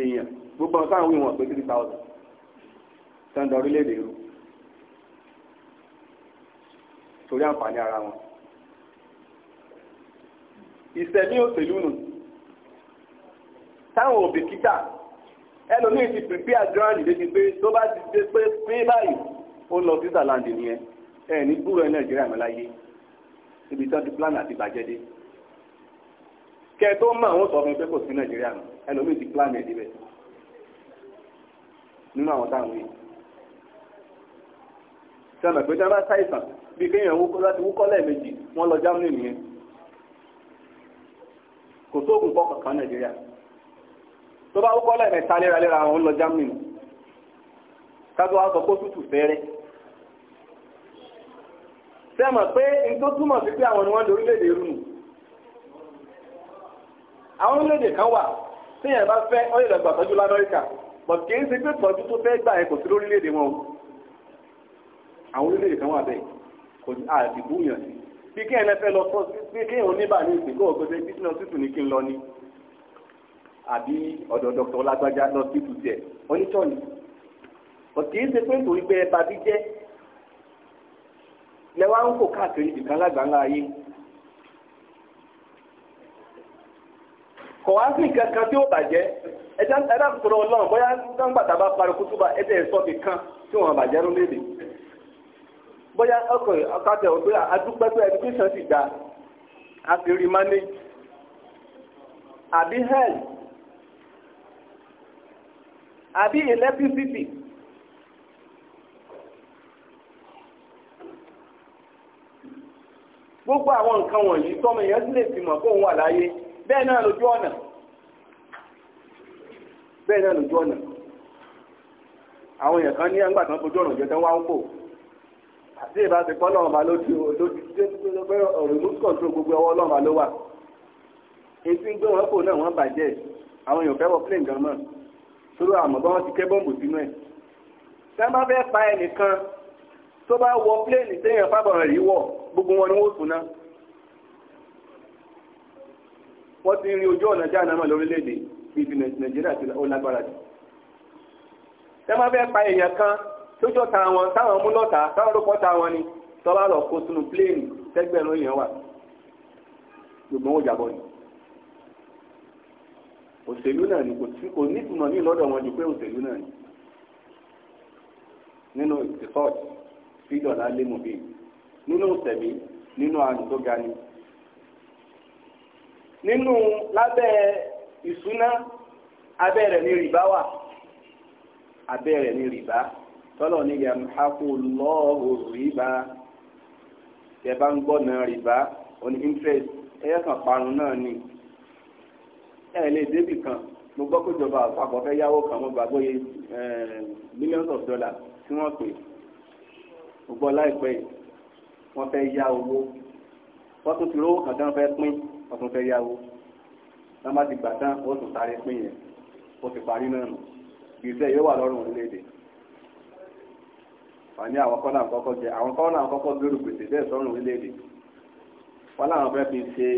èèyàn gbogbo ọ̀sán àwọn ìwọ̀n pé three thousand sanda orílẹ̀-èdè rú torí àǹfààní ara wọn ìṣẹ̀mí òṣèlú nù táwọn òbìkítà ẹlòmíì ti prepare grand débi pé tó bá ti dé pé pé báyìí ó lọ sí sàlàndì nìyẹn ẹ ní gbúròó nàìjíríà mọ́láyé ibi tí wọ́n ti plan àti bàjẹ́ dé. kẹ ẹ tó mọ àwọn sọ fún pé kò sí nàìjíríà nù ẹlòmíì ti plan ẹ níbẹ̀ nínú àwọn táwọn yìí sọmọ pé dáná ṣàìsàn bí kéèyàn wúkọ láti wúkọ lẹ́ẹ̀mejì lọ Germany nìyẹn kò sóògùn kọ kankan nàìjíríà tó bá wúkọ lẹ́ẹ̀mẹ́ta léraléra wọ́n lọ Germany nù kájọ wa sọ kó tútù fẹ́rẹ́ sẹ́mọ̀ pé n túmọ̀ sí pé àwọn ni wọ́n àwọn orílẹ̀-èdè kan wà tíyẹn bá fẹ́ ó lè lọ gbà tọ́jú lamẹ́ríkà bọ̀ kì í ṣe pé tọ́jú tó fẹ́ gbà ẹ kò sí lórílẹ̀-èdè wọn o àwọn orílẹ̀-èdè kan wà bẹ́ẹ̀ kò ní àdìbò yàn sí bí kí ẹnẹ lọ sọ bí kí ẹ̀hún níbà ní ìsìnkú ọ̀gbẹ́sẹ̀ business tuntun ní kí n lọ ni àbí ọ̀dọ̀ dr ọlágbájá lọ sí tù tiẹ̀ onítọ̀ọ̀nì kò kì í ṣe pé nítorí pé ẹ bá bí jẹ́ lẹ́wọ̀n kò káàkiri ìdìkan lágbàá ńlá ayé kọ̀ wá sí nǹkan kan tí ó bàjẹ́ ẹ̀dá ìṣòro ọlọ́run bóyá gbàgbàtà bá parí kútúbà ẹ̀dẹ̀ ìsọ́bì kan tí wọ́n bàjẹ́ ló léde bóyá ọkọ̀ ọkàtẹ̀ òpé adúpẹ́pẹ́ education ti dá a manage àbí health àbí gbogbo àwọn nǹkan wọ̀nyí tọ́mọ sì lè fi mọ̀ bẹ́ẹ̀ náà lójú ọ̀nà bẹ́ẹ̀ náà lójú ọ̀nà àwọn èèyàn kan ní ẹgbà tán fojú ọ̀nà jẹ́tẹ́ wá ń bò àti ìbá ti pọ́ lọ́wọ́ba lójú remote control gbogbo ọwọ́ lọ́wọ́ba ló wà etí ń gbé wọn kò náà wọ́n bàjẹ́ àwọn èèyàn fẹ́ wọ plane gan mọ́ torí àmọ́ bá wọn ti kẹ́ bọ́ǹbù sínú ẹ̀ tí wọ́n bá fẹ́ pa ẹnìkan tó bá gbogbo wọn ni wọ́n wọ́n ti rí ojú ọ̀nà jáàná lórílẹ̀‐èdè bíi ti nàìjíríà ti lágbára jù. ẹ pa èèyàn kan lójú ọ̀tá wọn táwọn mú lọ́tà táwọn ló kọ́ta wọn ni tọ́lá lọ kó sínú pléènì tẹ́gbẹ̀rún èèyàn wà gbogbo náà ni kò ní lọ́dọ̀ wọn ju pé òṣèlú náà ni nínú fídọ̀ lálé nínú ìtẹ̀mí nínú àrùn tó ga nínú lábẹ́ ìṣúná abẹ́ rẹ̀ ní rìbá wà abẹ́ rẹ̀ ní rìbá tọ́lọ̀ ní yamhaku Allahu rìbá tẹ bá ń gbọ́ náà rìbá oní interest ẹ̀yẹ́ kan parun náà ni ẹ̀ lè débì kan mo gbọ́ pé ìjọba àpapọ̀ fẹ́ yáwó kan mo gbàgbọ́ iye millions of dollars tí wọ́n pè mo gbọ́ láìpẹ́ yìí wọ́n fẹ́ yá owó wọ́n tún ti rówó kan tí wọ́n fẹ́ pín wọ́n tún fẹ́ yáwó wọ́n bá ti gbà tán ó tún sáré pín yẹn ó ti parí náà nù gbèsè yóò wà lọ́rùn orílẹ̀-èdè wà ní àwọn kọ́nà àkọ́kọ́ jẹ àwọn kọ́nà àkọ́kọ́ gbèrú gbèsè bẹ́ẹ̀ sọ́rùn orílẹ̀-èdè wọ́n láwọn fẹ́ fi ṣe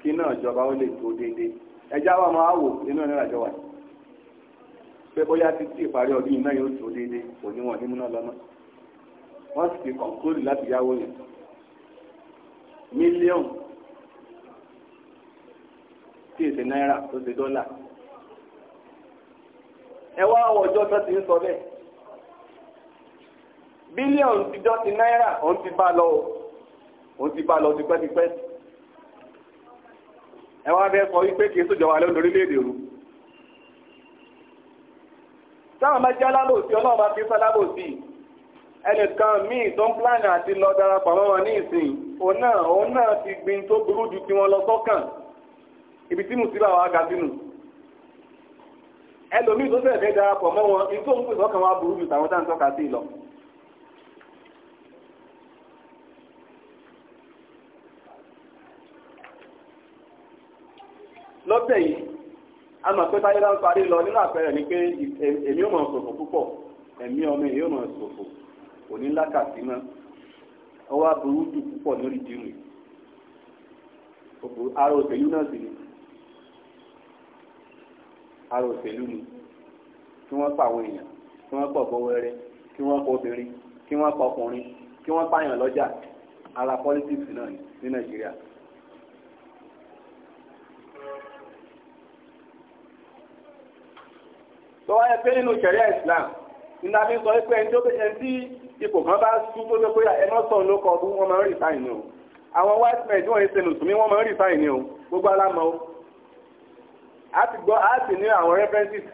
kí náà jọba ó lè tó déédé ẹjá wa máa wò inú ẹ̀rọ àjọ pé bóyá títí ìparí ọdún iná yóò tó déédé kò ní wọn ní múná lọ́nà wọ́n sì ti kọ̀ǹkúrì láti yáwó yẹn mílíọ̀nù tí èsè náírà tó ṣe dọ́là ẹ wá ọjọ́ tó ti ń sọ bẹ́ẹ̀ bílíọ̀nù tíjọ́ ti náírà òun ti bá lọ òun ti bá lọ tipẹ́tipẹ́ ẹ wá fẹ́ sọ wípé kì í sòjọba lónìí orílẹ̀-èdè rú táwọn bá jẹ́ alábòsí ọlọ́run bá fi sọ alábòsí ẹnìkan míì tó ń pláàni àti lọ darapọ̀ mọ́ wọn ní ìsìn òun náà òun náà ti gbin tó burú ju tiwọn lọ sọ́kàn. ibi tí mùsíbà wà ga sínú ẹlòmíì tó fẹ́ẹ̀ darapọ̀ mọ́ wọn ikú òun pèsè ọkàn wa burú ju tàwọn tá tọ́ka sí lọ. lọ́tẹ̀ yìí a mọ̀ pé táyé bá ń parí lọ nínú àpẹẹrẹ ni pé èmi ò mọ̀ ṣòfò púpọ̀ ẹ̀mí ọmọ èyí ò mọ̀ ṣòfò kò ní lákàtí mọ́ ọwọ́ aburú jù ara òṣèlú ni kí wọ́n pa àwọn èèyàn kí wọ́n pọ̀ gbọ́wẹ́rẹ́ kí wọ́n pa obìnrin kí wọ́n pa ọkùnrin kí wọ́n pààyàn lọ́jà ara politics náà ni ní nàìjíríà. tó wáyé pé nínú ṣẹ̀ríà islam nínú àbí sọ pé ẹni tó ẹni tí ipò kan bá sú tó tó pé ẹ má sọ̀rọ̀ ló kọ ọdún wọn máa ń rìsáìn ni o àwọn white men tí wọ́n ń ṣe mùsùlùmí wọ́n máa ń rìsáìn ni o gbogbo alámọ̀ o a ti gbọ́ a ti ní àwọn references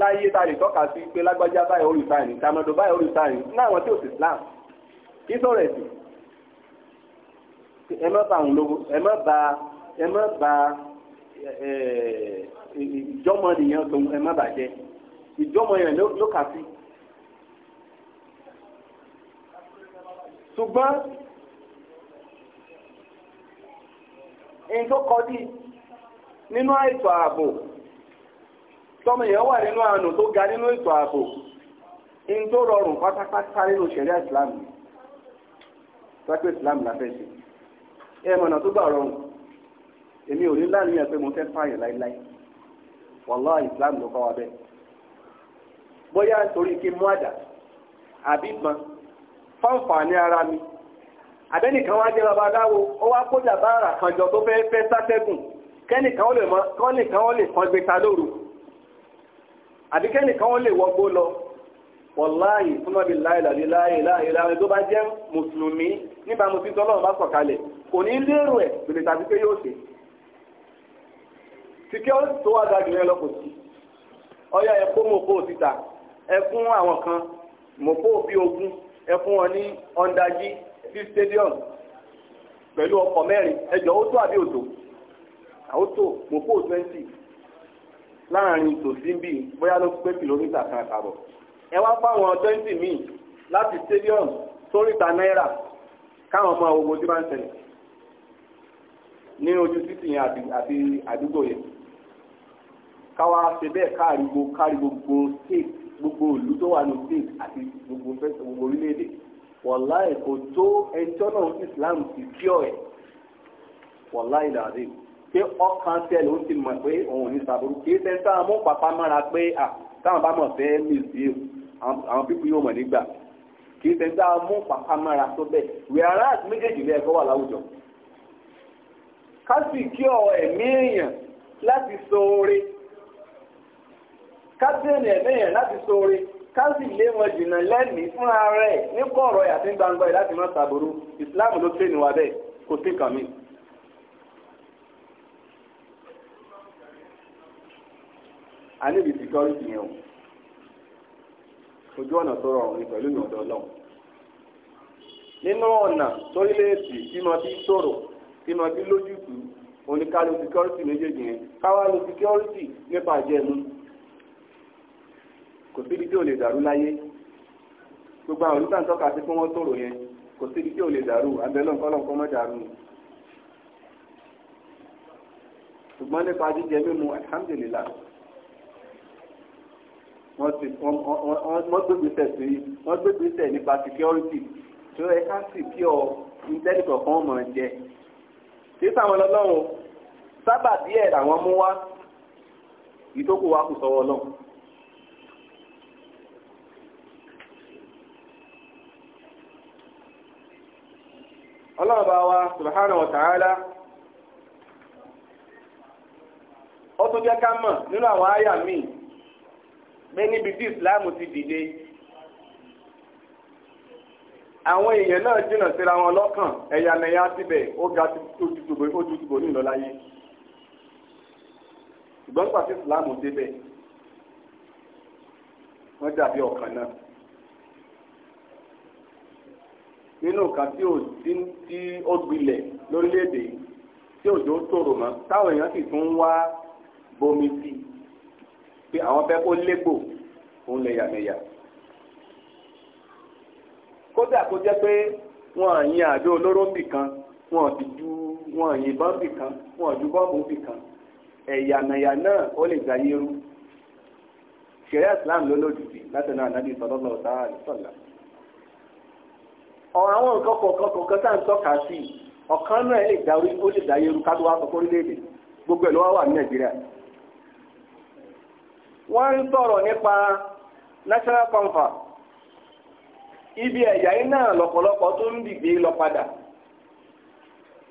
láyé tá a lè tọ́ka sí pé lágbájá báyìí orí sáà ní tamado báyìí orí sáà ní ní àwọn tí ò sí Islam kí sọ̀rọ̀ ẹ̀sìn ẹ má ba àwọn lógo ẹ má ba ẹ má ba ìjọmọ nìyẹn tó ẹ má bàjẹ́ ìjọmọ yẹn ló kà sí. ṣùgbọ́n nǹkan kọ́ dí. nínú àìtò ààbò tọmọ èèyàn wà nínú àánú tó ga nínú ètò ààbò in tó rọrùn pátápátá nínú ṣẹ̀ríà ìsìláàmù sápẹ́ ìsìláàmù láfẹ́ ṣe tó gbà rọrùn èmi ò ní láàrin mo fẹ́ pààyàn láíláí wàláà ìsìláàmù ló kọ́ wa bẹ́ẹ̀ bóyá torí kí mú àdá àbí ara mi àbẹ́nìkan wá jẹ́ babaláwo ó wá kó tó kẹ́nìkan ó lè mọ kọ́nìkan ó lè kan gbẹta lóru àbí kẹ́nìkan ó lè wọgbó lọ wọláyì fúnmọ́bi láìláì láì láì láì tó bá jẹ́ mùsùlùmí nígbà mo ti tọ́ lọ́run bá sọ̀kalẹ̀ kò ní lérò ẹ̀ gbèlè tàbí pé yóò ṣe tí kí ó tó wá ga jùlọ lọ kò sí ọyá ẹ kó mo síta ẹ àwọn kan mo kó bí ogún ẹ wọn ní ọ̀ndàjì sí stadium pẹ̀lú ọkọ̀ mẹ́rin ẹjọ́ ó tó àbí òtò àwòtò mòpó twenty láàrin tòsínbì bóyá ló pé kìlómítà kan àtàbọ̀ ẹ wá fáwọn twenty míì láti stadium sóríta náírà káwọn ọmọ ogun tí máa ń ṣẹlẹ̀ ní ojú títì yẹn àti àdúgbò yẹn káwa ṣe bẹ́ẹ̀ káàrí gbogbo state gbogbo ìlú tó wà ní state àti gbogbo fẹsẹ̀ gbogbo orílẹ̀-èdè wọ̀lá ẹ̀kọ́ tó ẹjọ́ náà islam ti kí ọ̀ ẹ̀ wọ̀lá ìlàrí pé ọkàn tẹ̀lé ó ti mọ̀ pé òun ò ní sàbúrú kì í ṣe sáà mú pàpà mọ́ra pé à táwọn bá mọ̀ fẹ́ mí sí àwọn pípín yóò mọ̀ nígbà kì í ṣe sáà mú pàpà mọ́ra tó bẹ́ẹ̀ wíwárà méjèèjì lẹ́ẹ̀kọ́ wà láwùjọ. ká sì kí ọ ẹ̀mí èèyàn láti so oore ká sì ẹ̀mí èèyàn láti so oore ká sì lé wọn jìnnà lẹ́mìí fúnra rẹ̀ ní kọ̀ọ̀rọ̀ yàtí gbangba yìí láti má sàbúrú ìsìláàmù ló tẹ̀ níwá bẹ́ẹ̀ kò sí kàn a níbi security yẹn o ojú ọ̀nà tó rọrùn ni pẹ̀lú ìyọ̀dọ̀ ọlọ́run nínú ọ̀nà torílẹ̀èdè tí mo ti sọ̀rọ̀ tí mo ti lójútùú oníkálù security méjèèjì yẹn káwá lu security nípa ìjẹun kò síbi tí ò lè dàrú láyé gbogbo àwọn olùtàn tọ́ka sí fún wọn sọ̀rọ̀ yẹn kò síbi tí ò lè dàrú abẹ́lẹ̀ mọ́ dàrú ni ṣùgbọ́n nípa jíjẹ mímu alhamdulilayi wọ́n ti wọ́n gbégbèsè sí wọ́n gbégbèsè nípa security tó ẹ ká sì kí ọ ìtẹ́nìkọ̀ kan mọ̀ jẹ. kí sáwọn ọlọ́run sábà díẹ̀ làwọn mú wá ìtókù wa kù sọ́wọ́ náà. ọlọ́run bá wa subhanahu wa ta'ala ó tún jẹ́ ká mọ̀ nínú àwọn àyà míì pé níbi tí islam ti dìde àwọn èèyàn náà jìnnà síra wọn lọ́kàn ẹ̀yàmẹ̀yà síbẹ̀ ó ga ojútùbò nílò láyé ṣùgbọ́n pàṣẹ islam débẹ̀ wọ́n dàbí ọ̀kan náà. nínú kan tí ó dín tí ó gbilẹ̀ lórílẹ̀‐èdè tí òjò tòrò mọ́ táwọn èèyàn sì tún ń wá bomi sí i. pé àwọn fẹ́ kó légbò òun lẹ̀yàmẹ̀yà kódà kó jẹ́ pé wọ́n yin àdó olóró bì kan wọ́n ti ju wọ́n kan wọ́n ju bọ́ǹbù bì kan ẹ̀yàmẹ̀yà náà ó lè gbà yẹrú ṣẹ̀rẹ́ islam ló lòdì sí ànábì sallallahu ta'ala sallam àwọn nǹkan kọ̀ọ̀kan kọ̀ọ̀kan tá à ń tọ́ka sí ọ̀kan náà ó lè ká tó wá sọ fórílẹ̀-èdè gbogbo ẹ̀ ló wá wà ní nàìjíríà wọ́n ń sọ̀rọ̀ nípa national conference ibi ẹ̀yà yìí náà lọ́pọ̀lọpọ̀ tó ń dìgbé lọ padà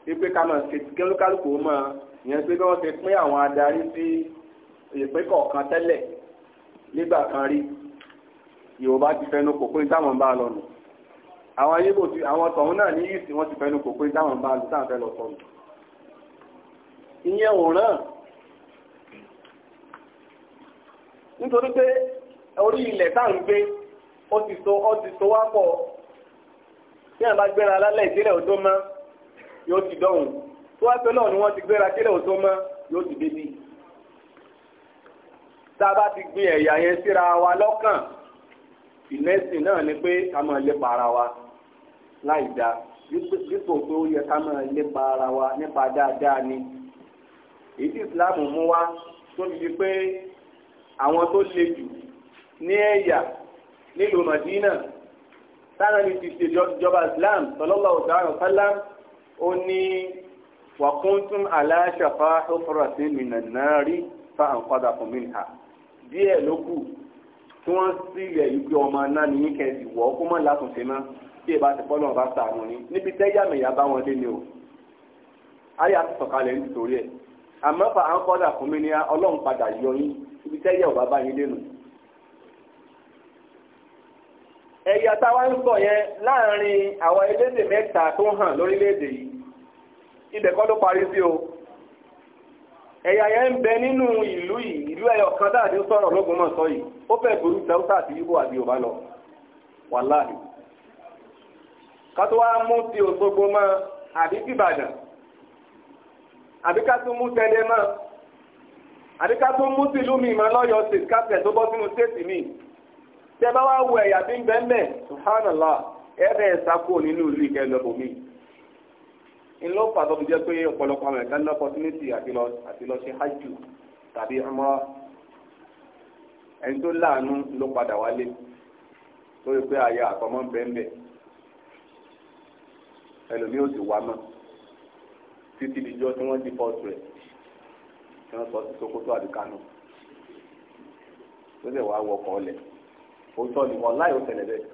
pípé ká máa ṣe kẹ́lúkálùkù ó máa ìyẹn pé bí wọ́n ti pín àwọn adarí sí ìpín kọ̀ọ̀kan tẹ́lẹ̀ nígbà kan rí yorùbá ti fẹnu kò pín táwọn bá lọ nù àwọn yíbò ti àwọn tọ̀hún náà ní yìí sí wọ́n ti fẹnu kò pín táwọn bá lọ táwọn fẹ́ lọ sọnù ìyẹn òun náà nítorí pé orí ilẹ̀ tá à ń gbé ó ti so ó ti so wá pọ̀ tí àwọn bá gbéra lálẹ́ ìdílẹ̀ òdó mọ́ yóò ti dọ̀hùn tó wá pé náà ni wọ́n ti gbéra kílẹ̀ òdó mọ́ yóò ti débi. tá a bá ti gbin ẹ̀yà yẹn síra wa lọ́kàn ìmẹ́sìn náà ni pé ká máa lépa ara wa láì dáa dípò pé ó yẹ ká máa lépa ara wa nípa dáadáa ni èyí tí ìsìláàmù mú wá tó fi di pé àwọn tó le jù ní ẹ̀yà nílùú Madina táwọn ní ti ṣe ìjọba Islam sallallahu alaihi wasallam ó ní wa kuntum ala shafa hufratin minan nari fa anqadakum minha díẹ̀ ló kù tí wọ́n sì rẹ̀ yìí pé ọmọ náà ní kẹ́sì wọ́ kó mọ̀ látúnṣe mọ́ tí ìbá ti fọ́ lọ́wọ́ bá sàánú ni níbi tẹ́yàmẹ̀yà bá wọn dé ni o ayé àti sọ̀kalẹ̀ ń torí ẹ̀ àmọ́ fa anqadakum minha ọlọ́run padà yọ yín ibi tẹ́yẹ ò bá bá yín ẹ̀yà táwa ń sọ yẹn láàrin àwọn elédè mẹ́ta tó hàn lórílẹ̀‐èdè yìí ibẹ̀ kọ́ ló o ẹ̀yà yẹn ń bẹ nínú ìlú yìí ìlú ẹ̀yọ̀ kan dáàdé sọ̀rọ̀ mọ̀ sọ yìí ó fẹ́ àti àti yorùbá lọ mú ti Òṣogbo àbí àdíká tó mú sílùú mi ìmọ̀ lọ́yọ̀ state capital tó bọ́ sínú state mi tẹ bá wá wo ẹ̀yà bí ń bẹ́ mẹ́ subhanallah ẹ̀rẹ́ ẹ̀sàkó nínú ìlú ìkẹ́ lọ́bọ̀ mi ńlọ pàtó fi jẹ́ pé ọ̀pọ̀lọpọ̀ àwọn ẹ̀ka ní opportunity àti lọ ṣe hajj tàbí umrah ẹni tó láàánú ló padà wálé lórí pé àyà àtọmọ́ ń bẹ́ ń bẹ́ ẹlòmíì ò sì wá mọ́ títí dijọ́ tí wọ́n ti fọ́ tu ẹ̀ tí wọ́n sọ sí Sokoto àbí Kano tó dẹ̀ wá wọkọ̀ ọlẹ̀ òótọ́ ni wọn láì ó tẹ̀lẹ̀ bẹ́ẹ̀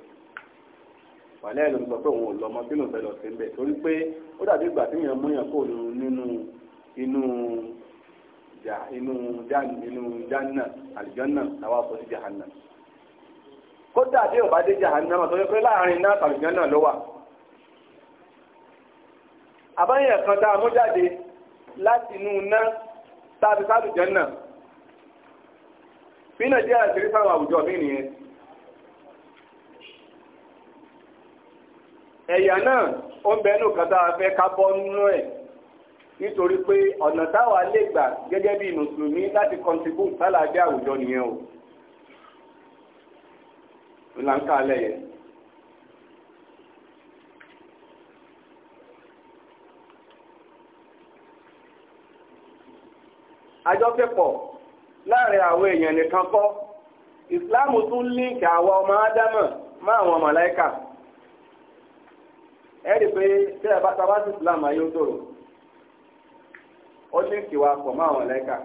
wàlẹ́ ẹ̀ ló ń sọ pé òun ò lọ́mọ kí ló ń fẹ́ lọ sí ń bẹ̀ torí pé ó dàbí ìgbà tí èèyàn múyàn kò nínú inú jà inú jáàní inú jáànà àlìjọ́nà làwọn sọ sí jahanna kódà bí òbá dé jahanna wọn sọ pé láàrin náà àlìjọ́nà ló wà àbáyẹ̀ kan tá a mú jáde láti inú náà. tàbí sálù jẹ́nà bí nàìjíríà ti rí sáwọn àwùjọ mí nìyẹn ẹ̀yà náà ó ń bẹnu kan tá a nínú ẹ̀ nítorí pé ọ̀nà táwa lè gbà gẹ́gẹ́ bí mùsùlùmí láti contribute sálàájá àwùjọ nìyẹn o ìlànkà alẹ́ àjọṣepọ̀ láàrin àwọn èèyàn nìkan kọ́ ìsìláàmù tún líǹkì àwa ọmọ ádámà má àwọn màláíkà ẹ rí i pé tẹ́ ẹ bá ta bá sí ìsìláàmù ayé ó tòrò ó líǹkì wa pọ̀ má àwọn màláíkà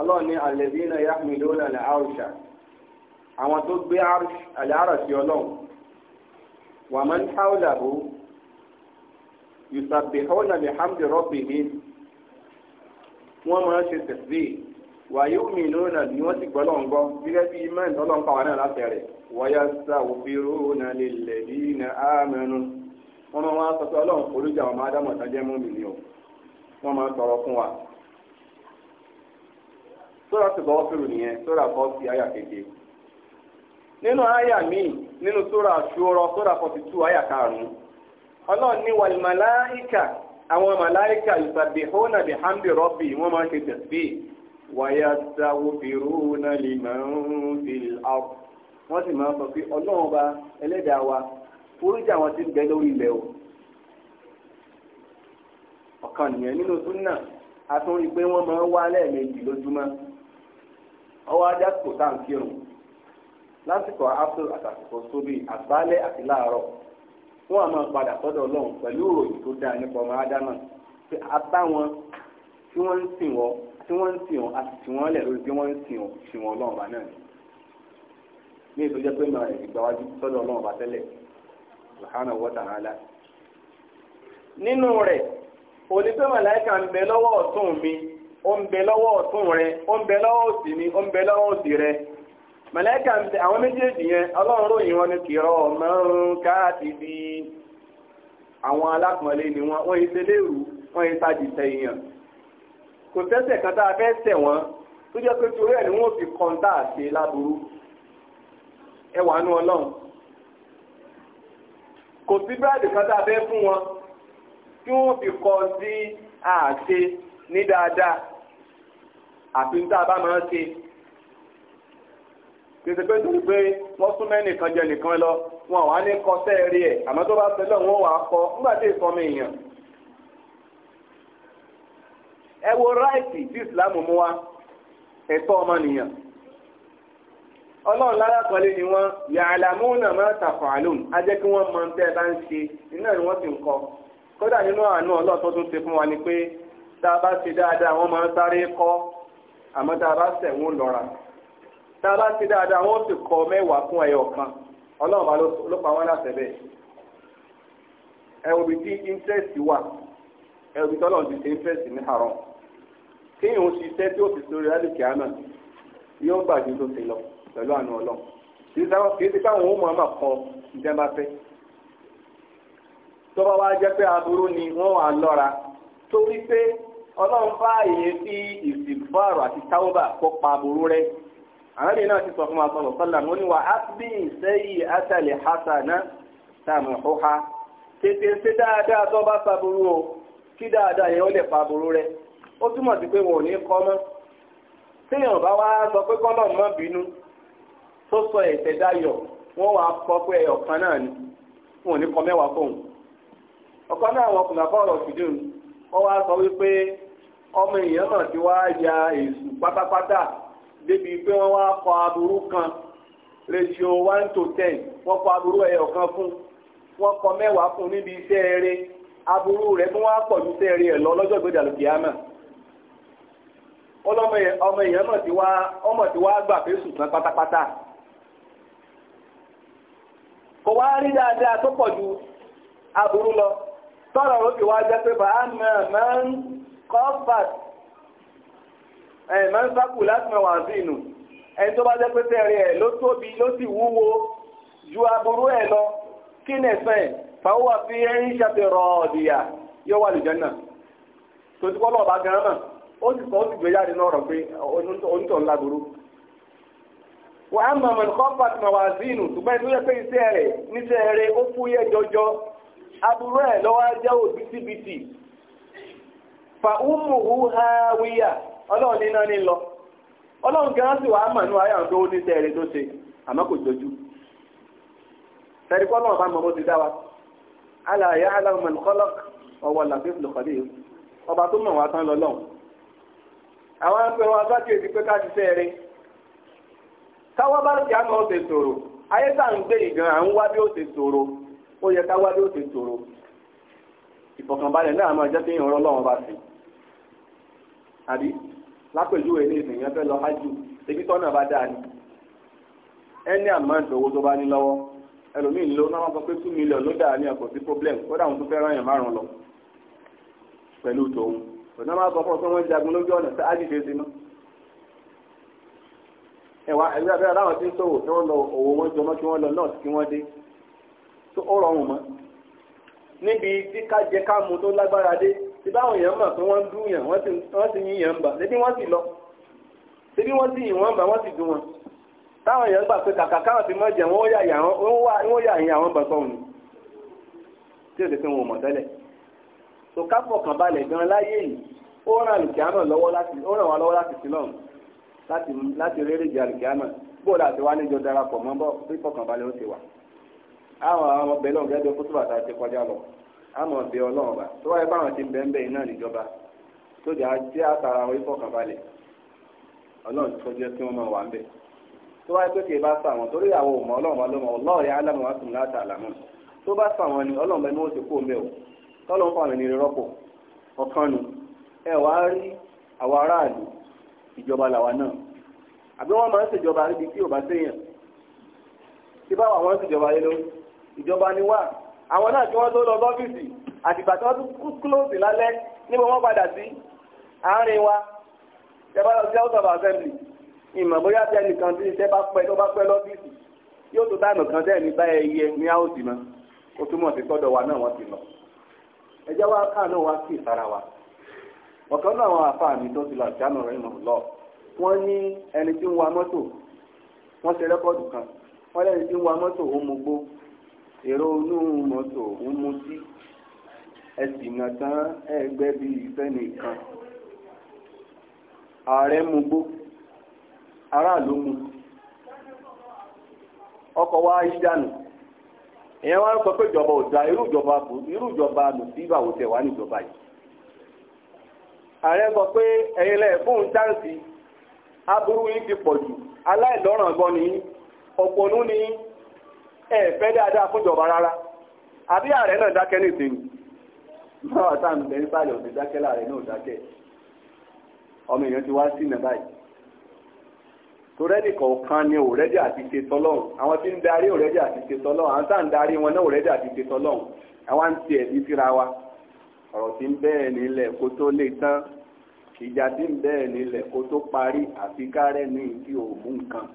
ọlọ́run ní alladhina yahmiluna al-arsha àwọn tó gbé àlàárọ̀sí ọlọ́run wa man hawlahu yusabbihuna bihamdi rabbihim wọ́n máa ń ṣe tẹ̀sí wàyí omi lónà ni wọ́n ti gbọ́ lọ́n gbọ́ gẹ́gẹ́ mẹ́rin pàwọn náà láti rẹ̀ sá na lè bí na ámẹ́nu wọ́n máa wá ọlọ́run polújà ọmọ ádámọ̀ tá ni o wọ́n máa ń fún wa. sọ́dà ti bọ́ nìyẹn sọ́dà àyà nínú àyà míì àwọn màláìkà yusabbihuna bihamdi rabbi wọ́n máa ń ṣe tẹ̀sí wa yastaghfiruna liman fil ard wọ́n sì máa ń sọ pé ọlọ́run bá ẹlẹ́dàá wa foríjì àwọn tí ń bẹ lórí ilẹ̀ o ọ̀kan nìyẹn nínú súnà a tún rí wọn pé wọ́n máa ń wá lẹ́ẹ̀mejì lójúmọ́ ọwọ́ ajá kò tá à ń kírun lásìkò àpò àtàkùn àgbálẹ̀ àti láàárọ̀ wọn àmọ́ padà sọ́dọ̀ ọlọ́run pẹ̀lú ìròyìn tó dáa nípa ọmọ ádámà pé a bá wọn tí wọ́n ń sìn wọ́n tí wọ́n ń sìn wọ́n a sì tì wọ́n lẹ̀ lórí bí wọ́n ń sìn wọ́n sìn wọ́n ọlọ́run bá náà ní ètò jẹ́ pé màá ìgbàwájú sọ́dọ̀ ọlọ́run bá tẹ́lẹ̀ subhanahu wa ta'ala nínú rẹ̀ onípẹ́ màláìka ń bẹ lọ́wọ́ ọ̀tún mi ó ń bẹ lọ́wọ́ ọ̀tún rẹ ó ń bẹ lọ́wọ́ òsì mi ó ń bẹ lọ́wọ́ òsì rẹ màláíkà ń bẹ àwọn méjèèjì yẹn ọlọ́run ròyìn wọn ni kìrọ mọ́rún káàtìbí àwọn alákùnrin ni wọn wọ́n yìí tẹ́lẹ̀rù wọ́n yìí sájìtẹ̀ èèyàn kò tẹ́sẹ̀ kan tá a fẹ́ tẹ̀ wọ́n tó jẹ́ pé torí ẹ̀ ni wọ́n fi kọ́ńtà ṣe láburú ẹ wà nú ọlọ́run kò sí bíráàdì kan tá a fẹ́ fún wọn tí wọ́n fi kọ́ sí àṣe ní dáadáa àfi ń bá máa ń ṣe. kìsì torí pé wọ́n jẹ nìkan lọ wọn wà ní kọ sẹ́ẹ̀rí ẹ̀ àmọ́ tó bá fẹ́ wọn wà á kọ nígbà tí ìsọ mi yàn. ẹ wo ráìtì tí ìsìlámù mú ẹ̀tọ́ ọmọnìyàn ọlọ́run lálákọ̀ọ́lé ni wọ́n kí wọ́n mọ bá ń ṣe iná ni wọ́n ti ń kọ kódà nínú àánú ọlọ́ọ̀tún tó ṣe fún tá a bá ti dáadáa wọ́n kọ mẹ́wàá fún ẹyọ kan ọlọ́run bá ló pa wọ́n láṣẹ ẹ wo tí interest wà ẹ wo tí ọlọ́run ti ṣe interest ní si kéèyàn ṣiṣẹ́ tí ó fi sórí alìkè àná yóò gbàgbé tó ti lọ pẹ̀lú àánú ọlọ́run kì í ti káwọn ohun kan bá ni wọ́n wà lọ́ra torí pé ọlọ́run sí àti kó pa aburú rẹ̀ àrẹ́bìn náà ti sọ fún wa sọ̀rọ̀ sọ́là mo ní wa ábí sẹ́yìn àtàlẹ̀ hasana tààmù ọ̀há tètè dáadáa tó bá paburú o kí dáadáa yẹn ó lè paburú rẹ ó túmọ̀ sí pé wọn ò kọ́ mọ́ téèyàn bá wá sọ pé mọ́ bínú tó sọ wọ́n wá kọ́ pé kan náà ni wọn ò ní kọ́ mẹ́wàá fóun ọ̀kan náà wọn kùnà débi pé wọ́n wá kọ aburú kan ratio one to ten wọ́n kọ aburú ẹyọ kan fún wọ́n kọ mẹ́wàá fún níbi iṣẹ́ eré aburú rẹ̀ tó wá pọ̀ ju iṣẹ́ eré lọ lọ́jọ́ ìgbéjà lókè ámà ọlọ́mọ èèyàn mọ̀ wá ọmọ tí wá gbà pé sùn tán pátápátá kò wá rí dáadáa tó pọ̀ lọ tọ́lọ̀ ló fi wá jẹ́ pé ẹ̀ eh, máa ń sákù láti máa wà sí inú ẹni tó bá jẹ́ pé tẹ́rẹ̀ ẹ̀ ló tóbi ló sì wúwo ju aburú ẹ̀ lọ kí ni ẹ̀sán ẹ̀ fàwọn wà fi ẹ̀yìn ṣàfihàn ọ̀dìyà yóò wà lùjẹ́ náà tó ti kọ́ lọ́ọ̀bá gan náà ó sì sọ ó sì gbé jáde náà rọ̀ pé onítọ̀ ńlá burú wà á mọ̀mọ̀ nǹkan fàtìmọ̀ wà sí inú ṣùgbọ́n ìlú yẹ jẹ́ òbítíbitì ọlọ́run níná ní lọ ọlọ́run gan sì wàá mọ̀ ní wàá yàn tó ní sẹ́ẹ̀rẹ́ tó ṣe àmọ́ kò dojú tẹ̀ríkọ́ náà bá mọ̀ bó ti dá wa kọ́lọ́k ọwọ́ làbí ọba tó mọ̀ wá tán lọ àwọn pé ká ti káwọ́ bá ti àmọ́ sòrò ayé tá à ń gbé ìgan à ń wá bí ó sòrò ó yẹ ká wá bí ó lápèjúwe ní ìsìnyẹn fẹ́ lọ hajj ebi tọ́nà bá dáa ni ẹni àmọ́ǹtì owó tó bá ní lọ́wọ́ ẹlòmíì ń lo náà wọ́n sọ pé two million ló dáa ní ẹ̀kọ́ sí problem kódà wọn tún fẹ́ ràn yàn márùn lọ pẹ̀lú tòun ọ̀nà máa sọ fún ọ pé wọ́n jagun lójú ọ̀nà tí hajj fèsì náà ẹ̀wà ẹ̀wà bẹ́ẹ̀ láwọn tí ń sòwò tí wọ́n lọ òwò wọn jọmọ́ kí wọ́n lọ nọ́ọ̀sì kí wọ́n dé tó ó rọrùn mọ́ níbi tí ká jẹ ká mu tó lágbára dé tí báwọn èèyàn mọ̀ pé wọ́n ń dún yàn wọ́n ti yín yàn ń bà ṣébí wọ́n sì lọ ṣébí wọ́n sì yìn wọ́n bà wọ́n sì dún wọn táwọn èèyàn gbà pé kàkà káwọn ti mọ̀ jẹ́ wọ́n yà yà àwọn bàbá òun tí èdè fún wọn mọ̀ tẹ́lẹ̀ tó ká fọkàn balẹ̀ gan láyé yìí ó ràn àlùkìánà lọ́wọ́ láti ó ràn wá lọ́wọ́ láti sílọ̀ láti láti rere jẹ àlùkìánà bó la ti wá níjọ darapọ̀ mọ́ bọ́ fífọkàn balẹ̀ ó ti wà. àwọn àwọn ọmọ bẹ́ẹ̀ náà gẹ́gẹ́ bí kótó bàtà ti kọjá lọ àmọ́ bẹ ọlọ́run ọba tó wáyé báwọn ti bẹ́ẹ̀ bẹ́ẹ̀ náà níjọba tó jà jẹ́ àtàrà wọn ìfọkànbalẹ̀ ọlọ́run tó jẹ́ wọ́n máa wà ń bẹ̀ tó wáyé pé kì í bá sọ àwọn torí àwọn ò mọ ọlọ́run ọlọ́mọ ọlọ́run yà á lámọ̀ wá láti tó bá sọ àwọn ni ọlọ́run wọ́n ti kó mbẹ́ o tọ́lọ́run fún àwọn ènìyàn rọ́pò ọ̀kan nu ẹ rí àwọn aráàlú ìjọba làwa náà àbí wọ́n máa ń ṣèjọba níbi tí ò bá séèyàn tí ṣèjọba ló ìjọba ni wà àwọn náà kí wọ́n tó lọ lọ́fíìsì àtìgbà tí wọ́n tún kúlóòsì lálẹ́ níbo wọ́n padà sí àárín wa ìjọba lọ sí house of assembly ìmọ̀ bóyá bí ẹnìkan tí iṣẹ́ bá pẹ́ tó bá pẹ́ lọ́fíìsì yóò tó dáàmú kan tẹ́ ní báyẹn yẹ ní áòsì mọ́ ó túmọ̀ sí tọ́dọ̀ wa náà wọ́n ti lọ ẹjẹ́ wa káà náà wá sí ìsara wa ọ̀kan náà àwọn àfa mi tó ti lọ àjánù rẹ̀ mọ̀ lọ wọ́n ní ẹni tí ń wa mọ́tò wọ́n ṣe rẹ́kọ́ọ̀dù kan wọ́n lẹ́ni tí ń wa mọ́tò ó mú gbó èrò inú mọ́tò ń mutí ẹ sì nà tán ẹgbẹ́ bíi ìfẹ́nìkan ààrẹ mu ọkọ̀ wa yí dànù èèyàn wá ń sọ pé ìjọba ò irújọba irú irújọba nù sí nùsíbà ò níjọba yìí ààrẹ sọ pé ẹ̀yin lẹ̀ fún táǹsì aburú yìí ni ni ẹ̀fẹ́ dáadáa fúnjọba rárá àbí ààrẹ náà dákẹ́ ní ìsinmi náà tá à ń bẹ nísàlẹ̀ òsì dákẹ́ láàrẹ náà dákẹ́ ọmọ èèyàn ti wá sí ìnà báyìí torẹ́dì kọ̀ọ̀kan ni òrẹ́dì àti ṣe tọ́lọ́hùn àwọn tí ń darí òrẹ́dì àti ṣe tọ́lọ́hùn àwọn tá à ń darí wọn náà òrẹ́dì àti ṣe tọ́lọ́hùn àwa ń ti ẹ̀bí síra wa ọ̀rọ̀ tí ń bẹ́ẹ̀ nílẹ̀ kó tó lè tán ìjà tí ń bẹ́ẹ̀ nílẹ̀ kó tó parí àfikárẹ́ ní ìdí òògùn nǹkan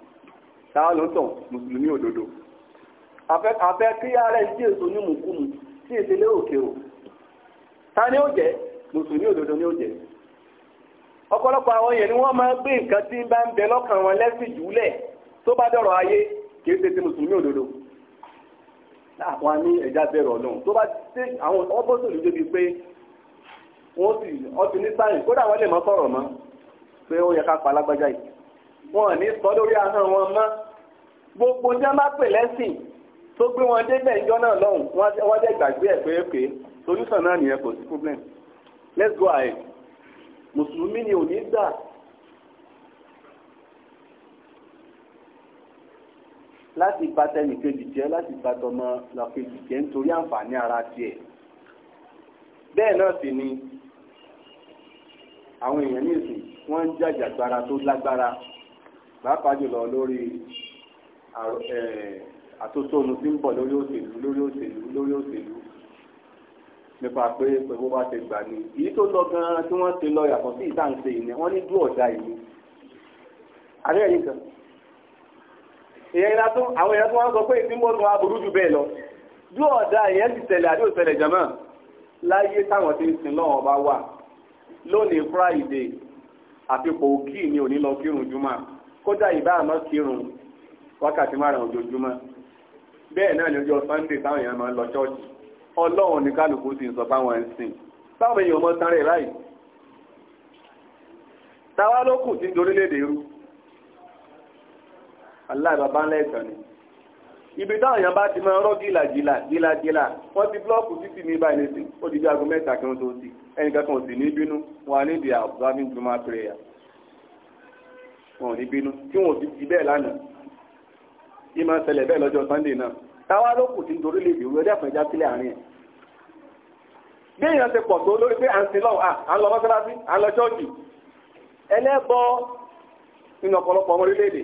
táwọn ló ń tàn mùsùlùmí òdodo àfẹ́ kí ara ìdí èso ní mùkúmù sí ìdílé òkè o ta ni ó jẹ́ mùsùlùmí òdodo ni ó jẹ́ ọ̀pọ̀lọpọ̀ àwọn yẹn ni wọ́n máa gbé nǹkan tí bá ń bẹ lọ́kàn wọn lẹ́sìn jùlẹ̀ tó bá dọ̀rọ̀ ayé kì í ṣe ti mùsùlùmí òdodo àwọn àní ẹ̀já bẹ̀rẹ̀ ọ̀nà tó bá ṣe àwọn ọ́pọ́sọ̀lù débi pé wọ́n sì ọtí ní sáyìn kódà wọ́n lè mọ́ sọ̀rọ̀ mọ́ pé ó yẹ ká pa alágbájá yìí wọ́n ní sọ lórí ahọ́n wọn mọ́ gbogbo ní a pè lẹ́sìn tó gbé wọn débẹ̀ ìjọ náà lọ́hùn wọ́n dẹ̀ gbàgbé ẹ̀ pé pé solution náà nìyẹn kò sí problem let's go ahead mùsùlùmí ni ò ní gbà láti bà tẹnìkejì jẹ́ láti bà tọmọ làkejì jẹ́ nítorí àǹfààní ara tiẹ̀ bẹ́ẹ̀ náà sì ni àwọn èèyàn ní ìsìn wọ́n ń jàjàgbara tó lágbára pàápàá jùlọ lórí àtótónu tí ń bọ̀ lórí òṣèlú lórí òṣèlú lórí òṣèlú nípa pé pẹ̀lú bá ṣe gbà ní èyí tó lọ gan-an tí wọ́n ṣe lọ yàtọ̀ sí ìtànṣe ìyẹn wọ́n ní dú ọ̀dà ìlú àríyá yìí kan ìyẹn ìlà tó àwọn èèyàn tó wọ́n sọ pé ìsínbọ̀nù aburú jù bẹ́ẹ̀ lọ dú ọ̀dà ìyẹn ti tẹ̀lé àdé òṣèlè jàmọ́ láyé táwọn ti ń sin lọ́wọ́ bá wà lónìí Friday àfipò kí ni òní lọ kírun jùmọ̀ bẹ́ẹ̀ náà ni ọjọ́ sunday táwọn èèyàn máa ń lọ ṣọ́ọ̀ṣì ọlọ́run ní kálukú ti sọ fáwọn ẹ̀sìn táwọn èèyàn mọ́ sáré láì táwa ló kù sí orílẹ̀-èdè irú aláìbàbá ńlá ẹ̀sán ni ibi táwọn èèyàn bá ti máa rọ́ gílàgílà gílàgílà wọ́n ti búlọ́ọ̀kù títì ní ibà ilé sí ó di bí aago mẹ́ta kí wọ́n tó ti ẹnì kankan ò sì ní bínú wọn ní the observing Juma prayer wọn ò ní bínú tí wọn ò ti bẹ́ẹ̀ lánàá ìmọ̀ ṣẹlẹ̀ bẹ́ẹ̀ lọ́jọ́ sunday náà táwa ló kù sí nítorí lè dèrò ẹ̀dá fún já sílẹ̀ àárín ẹ̀. bí èèyàn ti pọ̀ tó lórí pé à ń sin lọ́wọ́ à ń lọ mọ́sálásí à ń lọ ṣọ́ọ̀jì ẹlẹ́bọ nínú ọ̀pọ̀lọpọ̀ ọmọ orílẹ̀-èdè.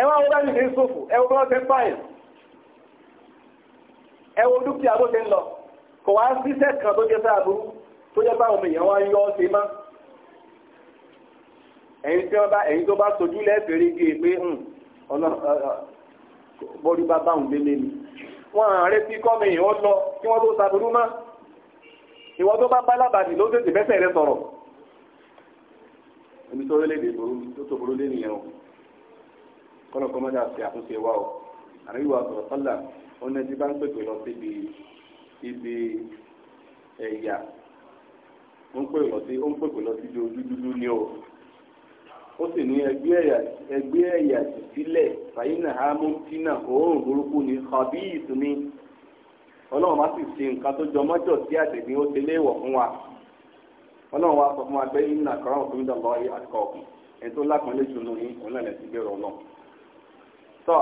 ẹ wá wọ́n dájú ní sófù ẹ wọ́n bọ́ọ̀ ṣe ń pààyàn ẹ wo dúkìá bó ṣe ń lọ kò wá síṣẹ́ kan tó jẹ́ sáà burú tó jẹ́ báwọn èèyàn wá yọ ọ́ ṣe máa ẹ̀yin tí wọ́n bá ẹ̀yin tó bá sojú lẹ́ẹ̀fẹ̀rẹ́ gé e pé hmm, bọ́dú bá bá òun délé ni wọ́n á retí kọ́mi ìwọ́n lọ kí wọ́n tó sàbúrú mọ́ ìwọ́ tó bá bálábàdì ló tètè bẹ́sẹ̀ rẹ sọ̀rọ̀ omi tó rẹ́lẹ̀dẹ̀ tó tó burú lé nìyẹn o kọ́nà kọ́ mọ́jà ṣe àtúnṣe wa o àríwá sọ̀rọ̀ sọ́là ó ní ẹjí bá ń pèpè lọ síbi ibi ẹ̀yà ó ń pèpè lọ sí ojú dúdú ni o ó sì ní ẹgbẹ́ ẹ̀yà sílẹ̀ fàyínà hamiltina òórùn burúkú ní habib ní ọlọ́run bá sì ṣe nǹkan tó jọ mọ́jọ̀ sí àtẹ̀gbẹ́ ó ṣe léèwọ̀ fún wa ọlọ́run wa sọ fún wa pé iná kọ́ra òfin dọ̀lọ́ àkọ́ ọ̀kùn ẹni tó lápọ̀nlé jùlọ ní ìkúnlẹ̀ lẹ́sìn bẹ̀rẹ̀ ọlọ́run. tọ́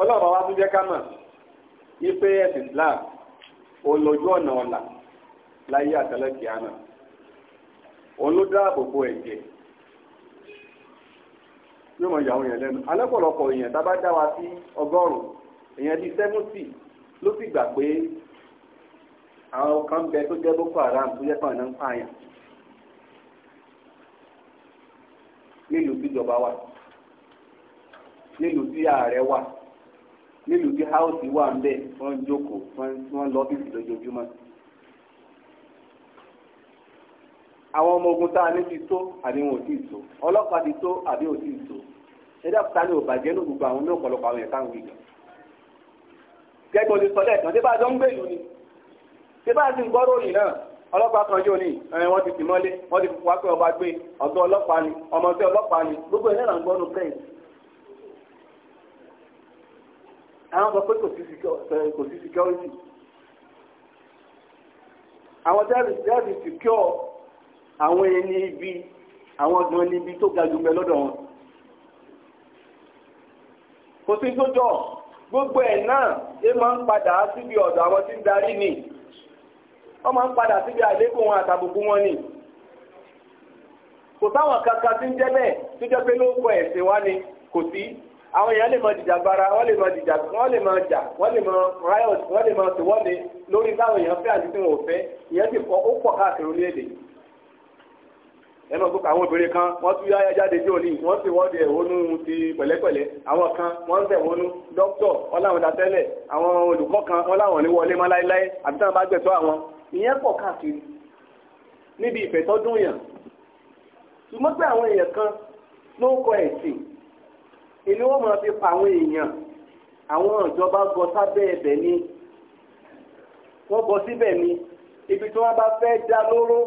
ọlọ́run wa tún jẹ́ ká mọ̀ yí pé ẹ̀sìn Islam olójú ọ̀nà ọ̀la láyé àtẹlẹ́kìá náà òun ẹ̀jẹ̀ yóò mọ ìyàwó yẹn lẹ́nu alẹ́pọ̀lọpọ̀ èèyàn tá a bá dá wa sí ọgọ́rùn-ún èèyàn sẹ́mùtì ló sì kan bẹ tó jẹ́ boko haram tó jẹ́ pàrọ̀ náà ń pààyàn nílùú tíjọba wà nílùú tí ààrẹ wà nílùú tí háùsì wà ń bẹ̀ wọ́n ń jókòó wọ́n ń àwọn ọmọ ogun tá a ní ti tó àbí wọn ò tí ì tó ọlọ́pàá ti tó àbí ò tí ì tó ẹ̀dá ta ni ò bàjẹ́ ní gbogbo àwọn ní ọ̀pọ̀lọpọ̀ àwọn ẹ̀ka ìwé gan. gẹ́gẹ́ olè sọ lẹ́ẹ̀kan tí bá a jọ ń gbé ìlú ni tí bá a ti ń gbọ́ ròyìn náà ọlọ́pàá kan yóò ní wọ́n ti tì mọ́lé wọ́n ti wá pé ọba gbé ọ̀gá ọlọ́pàá ni ọmọ tí ọlọ́pàá ni gbogbo ẹ̀ àwọn sọ tẹ́lifí secure àwọn ẹni ibi àwọn gan ibi tó ga jù mẹ lọ́dọ̀ kò sí tó jọ gbogbo ẹ̀ náà ẹ máa ń padà síbi ọ̀dọ̀ àwọn tí darí ni wọ́n máa ń padà síbi àlékún wọn àtàbùkù wọn ni kò táwọn kankan tí ń jẹ́ bẹ́ẹ̀ tó jẹ́ pé ẹ̀sìn ni kò bara wọ́n lè wọ́n lè jà wọ́n lè riot wọ́n lè lórí táwọn èèyàn fẹ́ àti tí ò fẹ́ ìyẹn ó pọ̀ káàkiri orílẹ̀ ẹnu ọdún kan àwọn obìnrin kan wọ́n tún yáyá jáde jọ ní wọ́n sì wọ́ọ̀dì ẹ̀hónú ti pẹ̀lẹ́pẹ̀lẹ́ àwọn kan wọ́n ń tẹ̀hónú dókítọ̀ wọ́n láwọn datẹ́lẹ̀ àwọn olùkọ́ kan wọ́n láwọn ní wọlé mọ́ láéláé àbí táwọn bá gbẹ̀tọ́ àwọn ìyẹn pọ̀ káàkiri níbi ìfẹ̀tọ́dún yàn ṣùgbọ́n pé àwọn èèyàn kan ló ń kọ ẹ̀sìn ìní wọ́n máa fi pa àwọn èèyàn àwọn ìjọba gọ sábẹ́ ẹ̀bẹ̀ ni wọ́n gọ síbẹ̀ ni ibi tí wọ́n bá fẹ́ dá lóró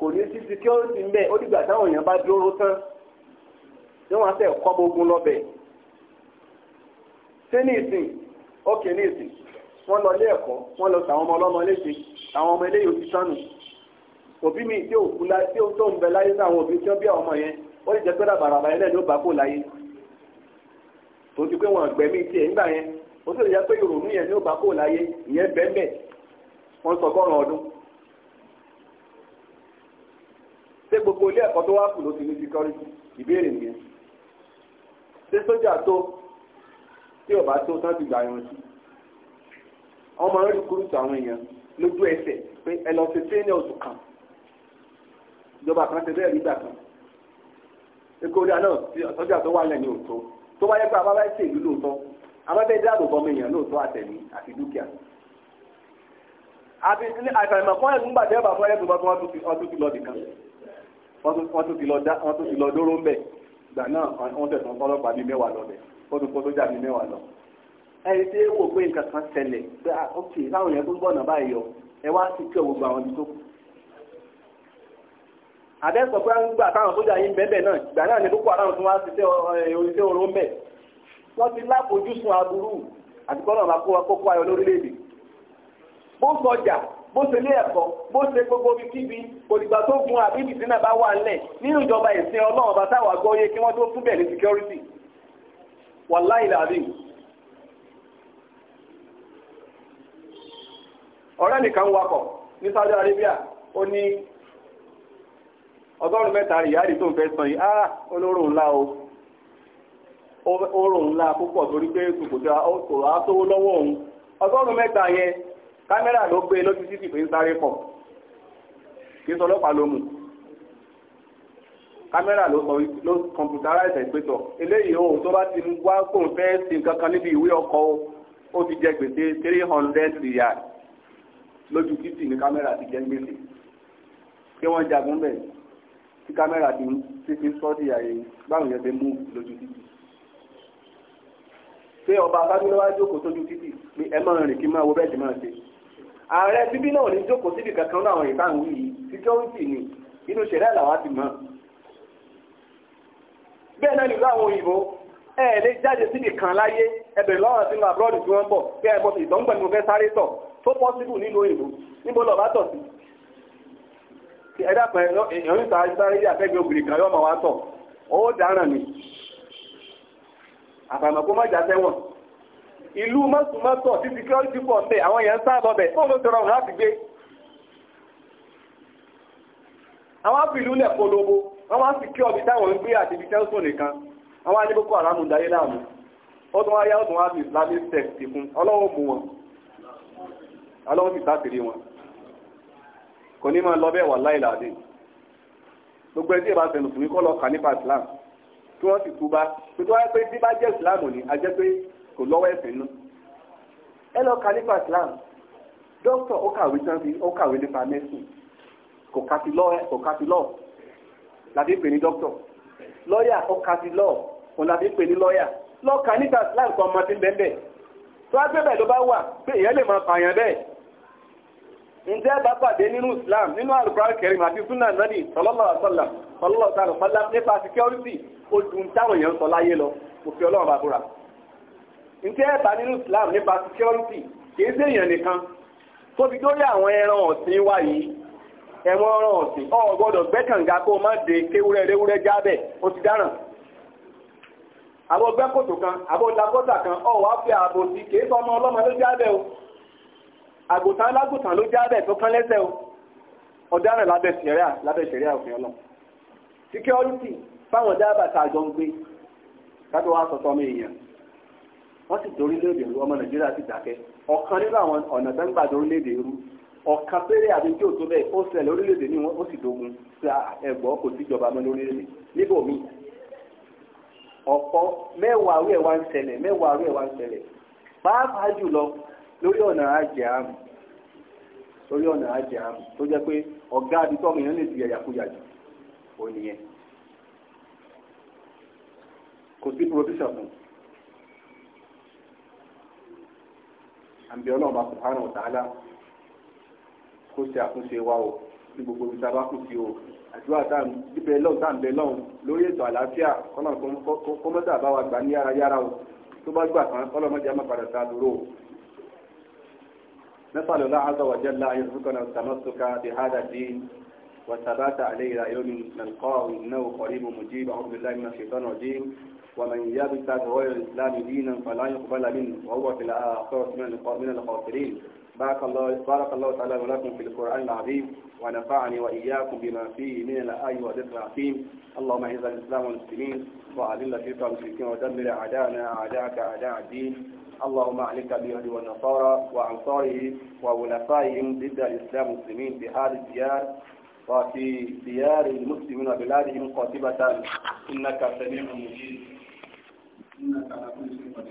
kò ní sí security ńbẹ ó dìgbà táwọn èèyàn bá dúró tán tí wọ́n á fẹ́ kọ́ ogun lọ́bẹ̀ ṣé ní ìsìn ókè ní ìsìn wọ́n lọ ilé ẹ̀kọ́ wọ́n lọ sàwọn ọmọ ọlọ́mọ léṣe àwọn ọmọ eléyìí òbí sánù òbí mi tí òkú la tí ó tó ń bẹ láyé sí àwọn òbí tí wọ́n bí àwọn ọmọ yẹn ó lè jẹ́ pé ràbàràbà yẹn lẹ́nu ó bá kó láyé tó ti pé ni ó bá kó láyé wọ́n ṣé gbogbo ilé ẹ̀kọ́ tó wá kù ló ti ní security ìbéèrè nìyẹn ṣé sójà tó tí ò bá tó tán ti gbà yàn sí ọmọ rẹ kúrútù àwọn èèyàn lójú ẹsẹ̀ pé ẹ lọ ṣe tẹ́lẹ̀ oṣù kan ìjọba kan ṣe bẹ́ẹ̀ nígbà kan èkó rí àná sójà tó wà lẹ́ni òótọ́ tó wáyé pé abáwá ṣe ìlú lóòótọ́ abáfẹ́ dáàbò bọ́mọ èèyàn lóòótọ́ àtẹ̀mí àti dúkìá àti àìsàn ìmọ̀kọ́ ẹ̀gbọ́n gbàdé ẹ̀bà fún ẹ̀gbọ́n tó wá tún ti lọ́ọ̀dì kan wọ́n tún ti lọ dóró ń bẹ̀ gbà náà wọ́n tẹ̀sán ọlọ́pàá bíi mẹ́wàá lọ bẹ̀ wọ́n tún kó sójà bíi mẹ́wàá lọ. ẹni tí wò pé nǹkan kan ṣẹlẹ̀ pé ah, ok láwọn èèyàn tó ń gbọ̀nà báyìí yọ ẹ wá sí kí gbogbo àwọn ibi tó kù. àbẹ́ sọ pé gbà táwọn sójà yìí ń bẹ́ẹ̀ náà gbà náà ni púpọ̀ aráàlú tún wá sí eh, iṣẹ́ oró ń bẹ̀. wọ́n ti láfojúsùn aburú àti kọ́nà bó ṣe lé ẹ̀kọ́ bó ṣe gbogbo ibi kíbi òdìgbà tó gun àbíbì sínú ẹ̀bá wà ńlẹ̀ nínú ìjọba ìsìn ọlọ́run bá táwọn àgọ́ kí wọ́n tó tún ní security wàláì làbí. ọ̀rẹ́ nìkan wakọ̀ ní Saudi Arabia ó ní ọgọ́rùn-ún mẹ́ta ìyáàdì tó ń fẹ́ yìí ah, o oró ńlá púpọ̀ torí pé lọ́wọ́ òun ọgọ́rùn mẹ́ta yẹn kámẹ́rà ló gbé lójú títì fi ń sáré pọ̀ kí sọ ọlọ́pàá ló mú kámẹ́rà ló sọ ló kọ̀mpútàráìsì ìpẹ́tọ̀ eléyìí ohun tó bá ti wá kóun fẹ́ sí nǹkan kan níbi ìwé ọkọ̀ ó ti jẹ gbèsè three hundred riyal lójú títì ní kámẹ́rà ti jẹ gbèsè kí wọ́n jagun bẹ̀ tí kámẹ́rà ti ti sọ́ọ̀dì àyè báwọn yẹn ti mú lójú títì pé ọba abájúlọ́wájú kò sójú títì pé ẹ máa rìn kí máa wo bẹ́ẹ̀ ti máa ṣe ààrẹ bíbí náà ní jókòó síbi kankan náà àwọn ìbáwí yìí security ni inú ṣẹlẹ̀ làwọn ti mọ̀ bẹ́ẹ̀ náà nílò àwọn òyìnbó ẹ lè jáde síbi kan láyé ẹbẹ̀ lọ́rọ̀ sínú abroad tí wọ́n bọ̀ bẹ́ẹ̀ bọ́ sí ìtọ́ngbọ̀n ni mo fẹ́ sáré tọ̀ tó pọ́sibù nílò òyìnbó níbo lọ́ọ̀ bá tọ̀ sí ẹ̀dá pẹ̀ ẹ̀yọ́nì sáré yà fẹ́gbẹ́ obìnrin kan yọ́ mọ̀ wá tọ̀ ó dáràn ni àbàmọ̀ kó má jà ìlú mọ́sùmọ́sọ̀ tí security pọ̀ ń bẹ̀ àwọn èèyàn sáà lọ́bẹ̀ fún olóṣèlú ọ̀run láti gbé àwọn ápìlú lẹ̀ polówó wọ́n wá sì kí ọbí táwọn ń gbé àti ibi tẹ́sùn nìkan àwọn ní Boko Haram dáyé láàmú ó tún wá yá ó tún wá sí Islamic sect fún ọlọ́wọ́ mú wọn ọlọ́wọ́ sì sátìrí wọn kò ní máa lọ bẹ́ẹ̀ wà láìláàdé gbogbo ẹtí ìbá tẹnu fún mi kọ́ lọ kà nípa Islam kí wọ́n sì túbá pé tó wáyé pé tí bá jẹ́ Islam ni a jẹ́ pé kò lọ́wọ́ nù ẹ lọ ka nípa Islam dókítà ó kàwé tán ó kàwé nípa mẹ́sìn kò ka ti kò ti làbí ní dókítà ó ka ti ní nípa Islam kan máa ti bẹ́ẹ̀ bẹ́ẹ̀ tó a gbé bẹ́ẹ̀ ló wà pé èèyàn lè máa pààyàn bẹ́ẹ̀ ǹjẹ́ bá pàdé nínú Islam nínú kẹrin àti sunna nani nípa security ntí ẹ bá nínú Islam nípa security kìí ṣèyàn nìkan tóbi lórí àwọn ẹran ọ̀sìn wa yìí ẹ̀wọ̀n ẹran ọ̀sìn ọ̀ gbọ́dọ̀ gbẹ́kànga kó o má de kéwúrẹ́ rẹ́wúrẹ́ jábẹ̀ o ti dáràn àbò gbẹ́kòtò kan àbò lakọ́tà kan ọ̀ wá fi ààbò sí kìí sọ ọmọ ọlọ́mọ ló jábẹ̀ o àgùntàn alágùntàn ló jábẹ̀ tó kán lẹ́sẹ̀ o ọ̀daràn lábẹ́ sẹ̀ríà lábẹ́ sẹ̀ríà òfin ọlọ́run security fáwọn dábàtà àjọ ń gbé kátó wá sọ sọmọ èèyàn wọ́n sì dorílẹ̀-èdè rú ọmọ nàìjíríà ti dákẹ́ ọ̀kan nínú àwọn ọ̀nà tó ń gbà dorílẹ̀-èdè rú ọ̀kan péré àbí tí ò tó bẹ́ẹ̀ ó èdè ni wọn ó sì dogun sí ẹ̀gbọ́ kò síjọba mọ́ lórílẹ̀-èdè níbò mí ọ̀pọ̀ mẹ́wàá wá ń mẹ́wàá wá ń pàápàá jùlọ lórí ọ̀nà àjẹ́ lórí ọ̀nà àjẹ́ tó jẹ́ pé ọ̀gá àbí kò sí fún un àǹbí ọlọ́run bá subhanahu wa ta'ala kó ṣe àtúnṣe wa o ní gbogbo ibi tá a bá kù sí o àdúrà tá à ń bíbẹ lọ́hùn tá à ń lórí ètò àlàáfíà kọ́nà kọ́mọ́tà bá wa gbà ní yára yára o tó bá gbà kan kọ́nà mọ́jà má padà ta dúró o. نسأل الله عز وجل أن يرزقنا التمسك بهذا الدين والثبات عليه إلى يوم نلقاه إنه قريب مجيب أعوذ بالله من الشيطان الرجيم ومن يبتغ غير الإسلام دينا فلا يقبل منه وهو في الآخرة من الخاسرين بارك الله بارك الله تعالى ولكم في القرآن العظيم ونفعني وإياكم بما فيه من الآي والذكر الحكيم اللهم أعز الإسلام والمسلمين وأذل الشرك والمشركين ودمر أعداءنا أعداءك أعداء الدين اللهم عليك بأهل والنصارى وأنصاره وولفائهم ضد الإسلام والمسلمين في هذه الديار وفي ديار المسلمين وبلادهم قاتبة إنك سميع مجيد una casa con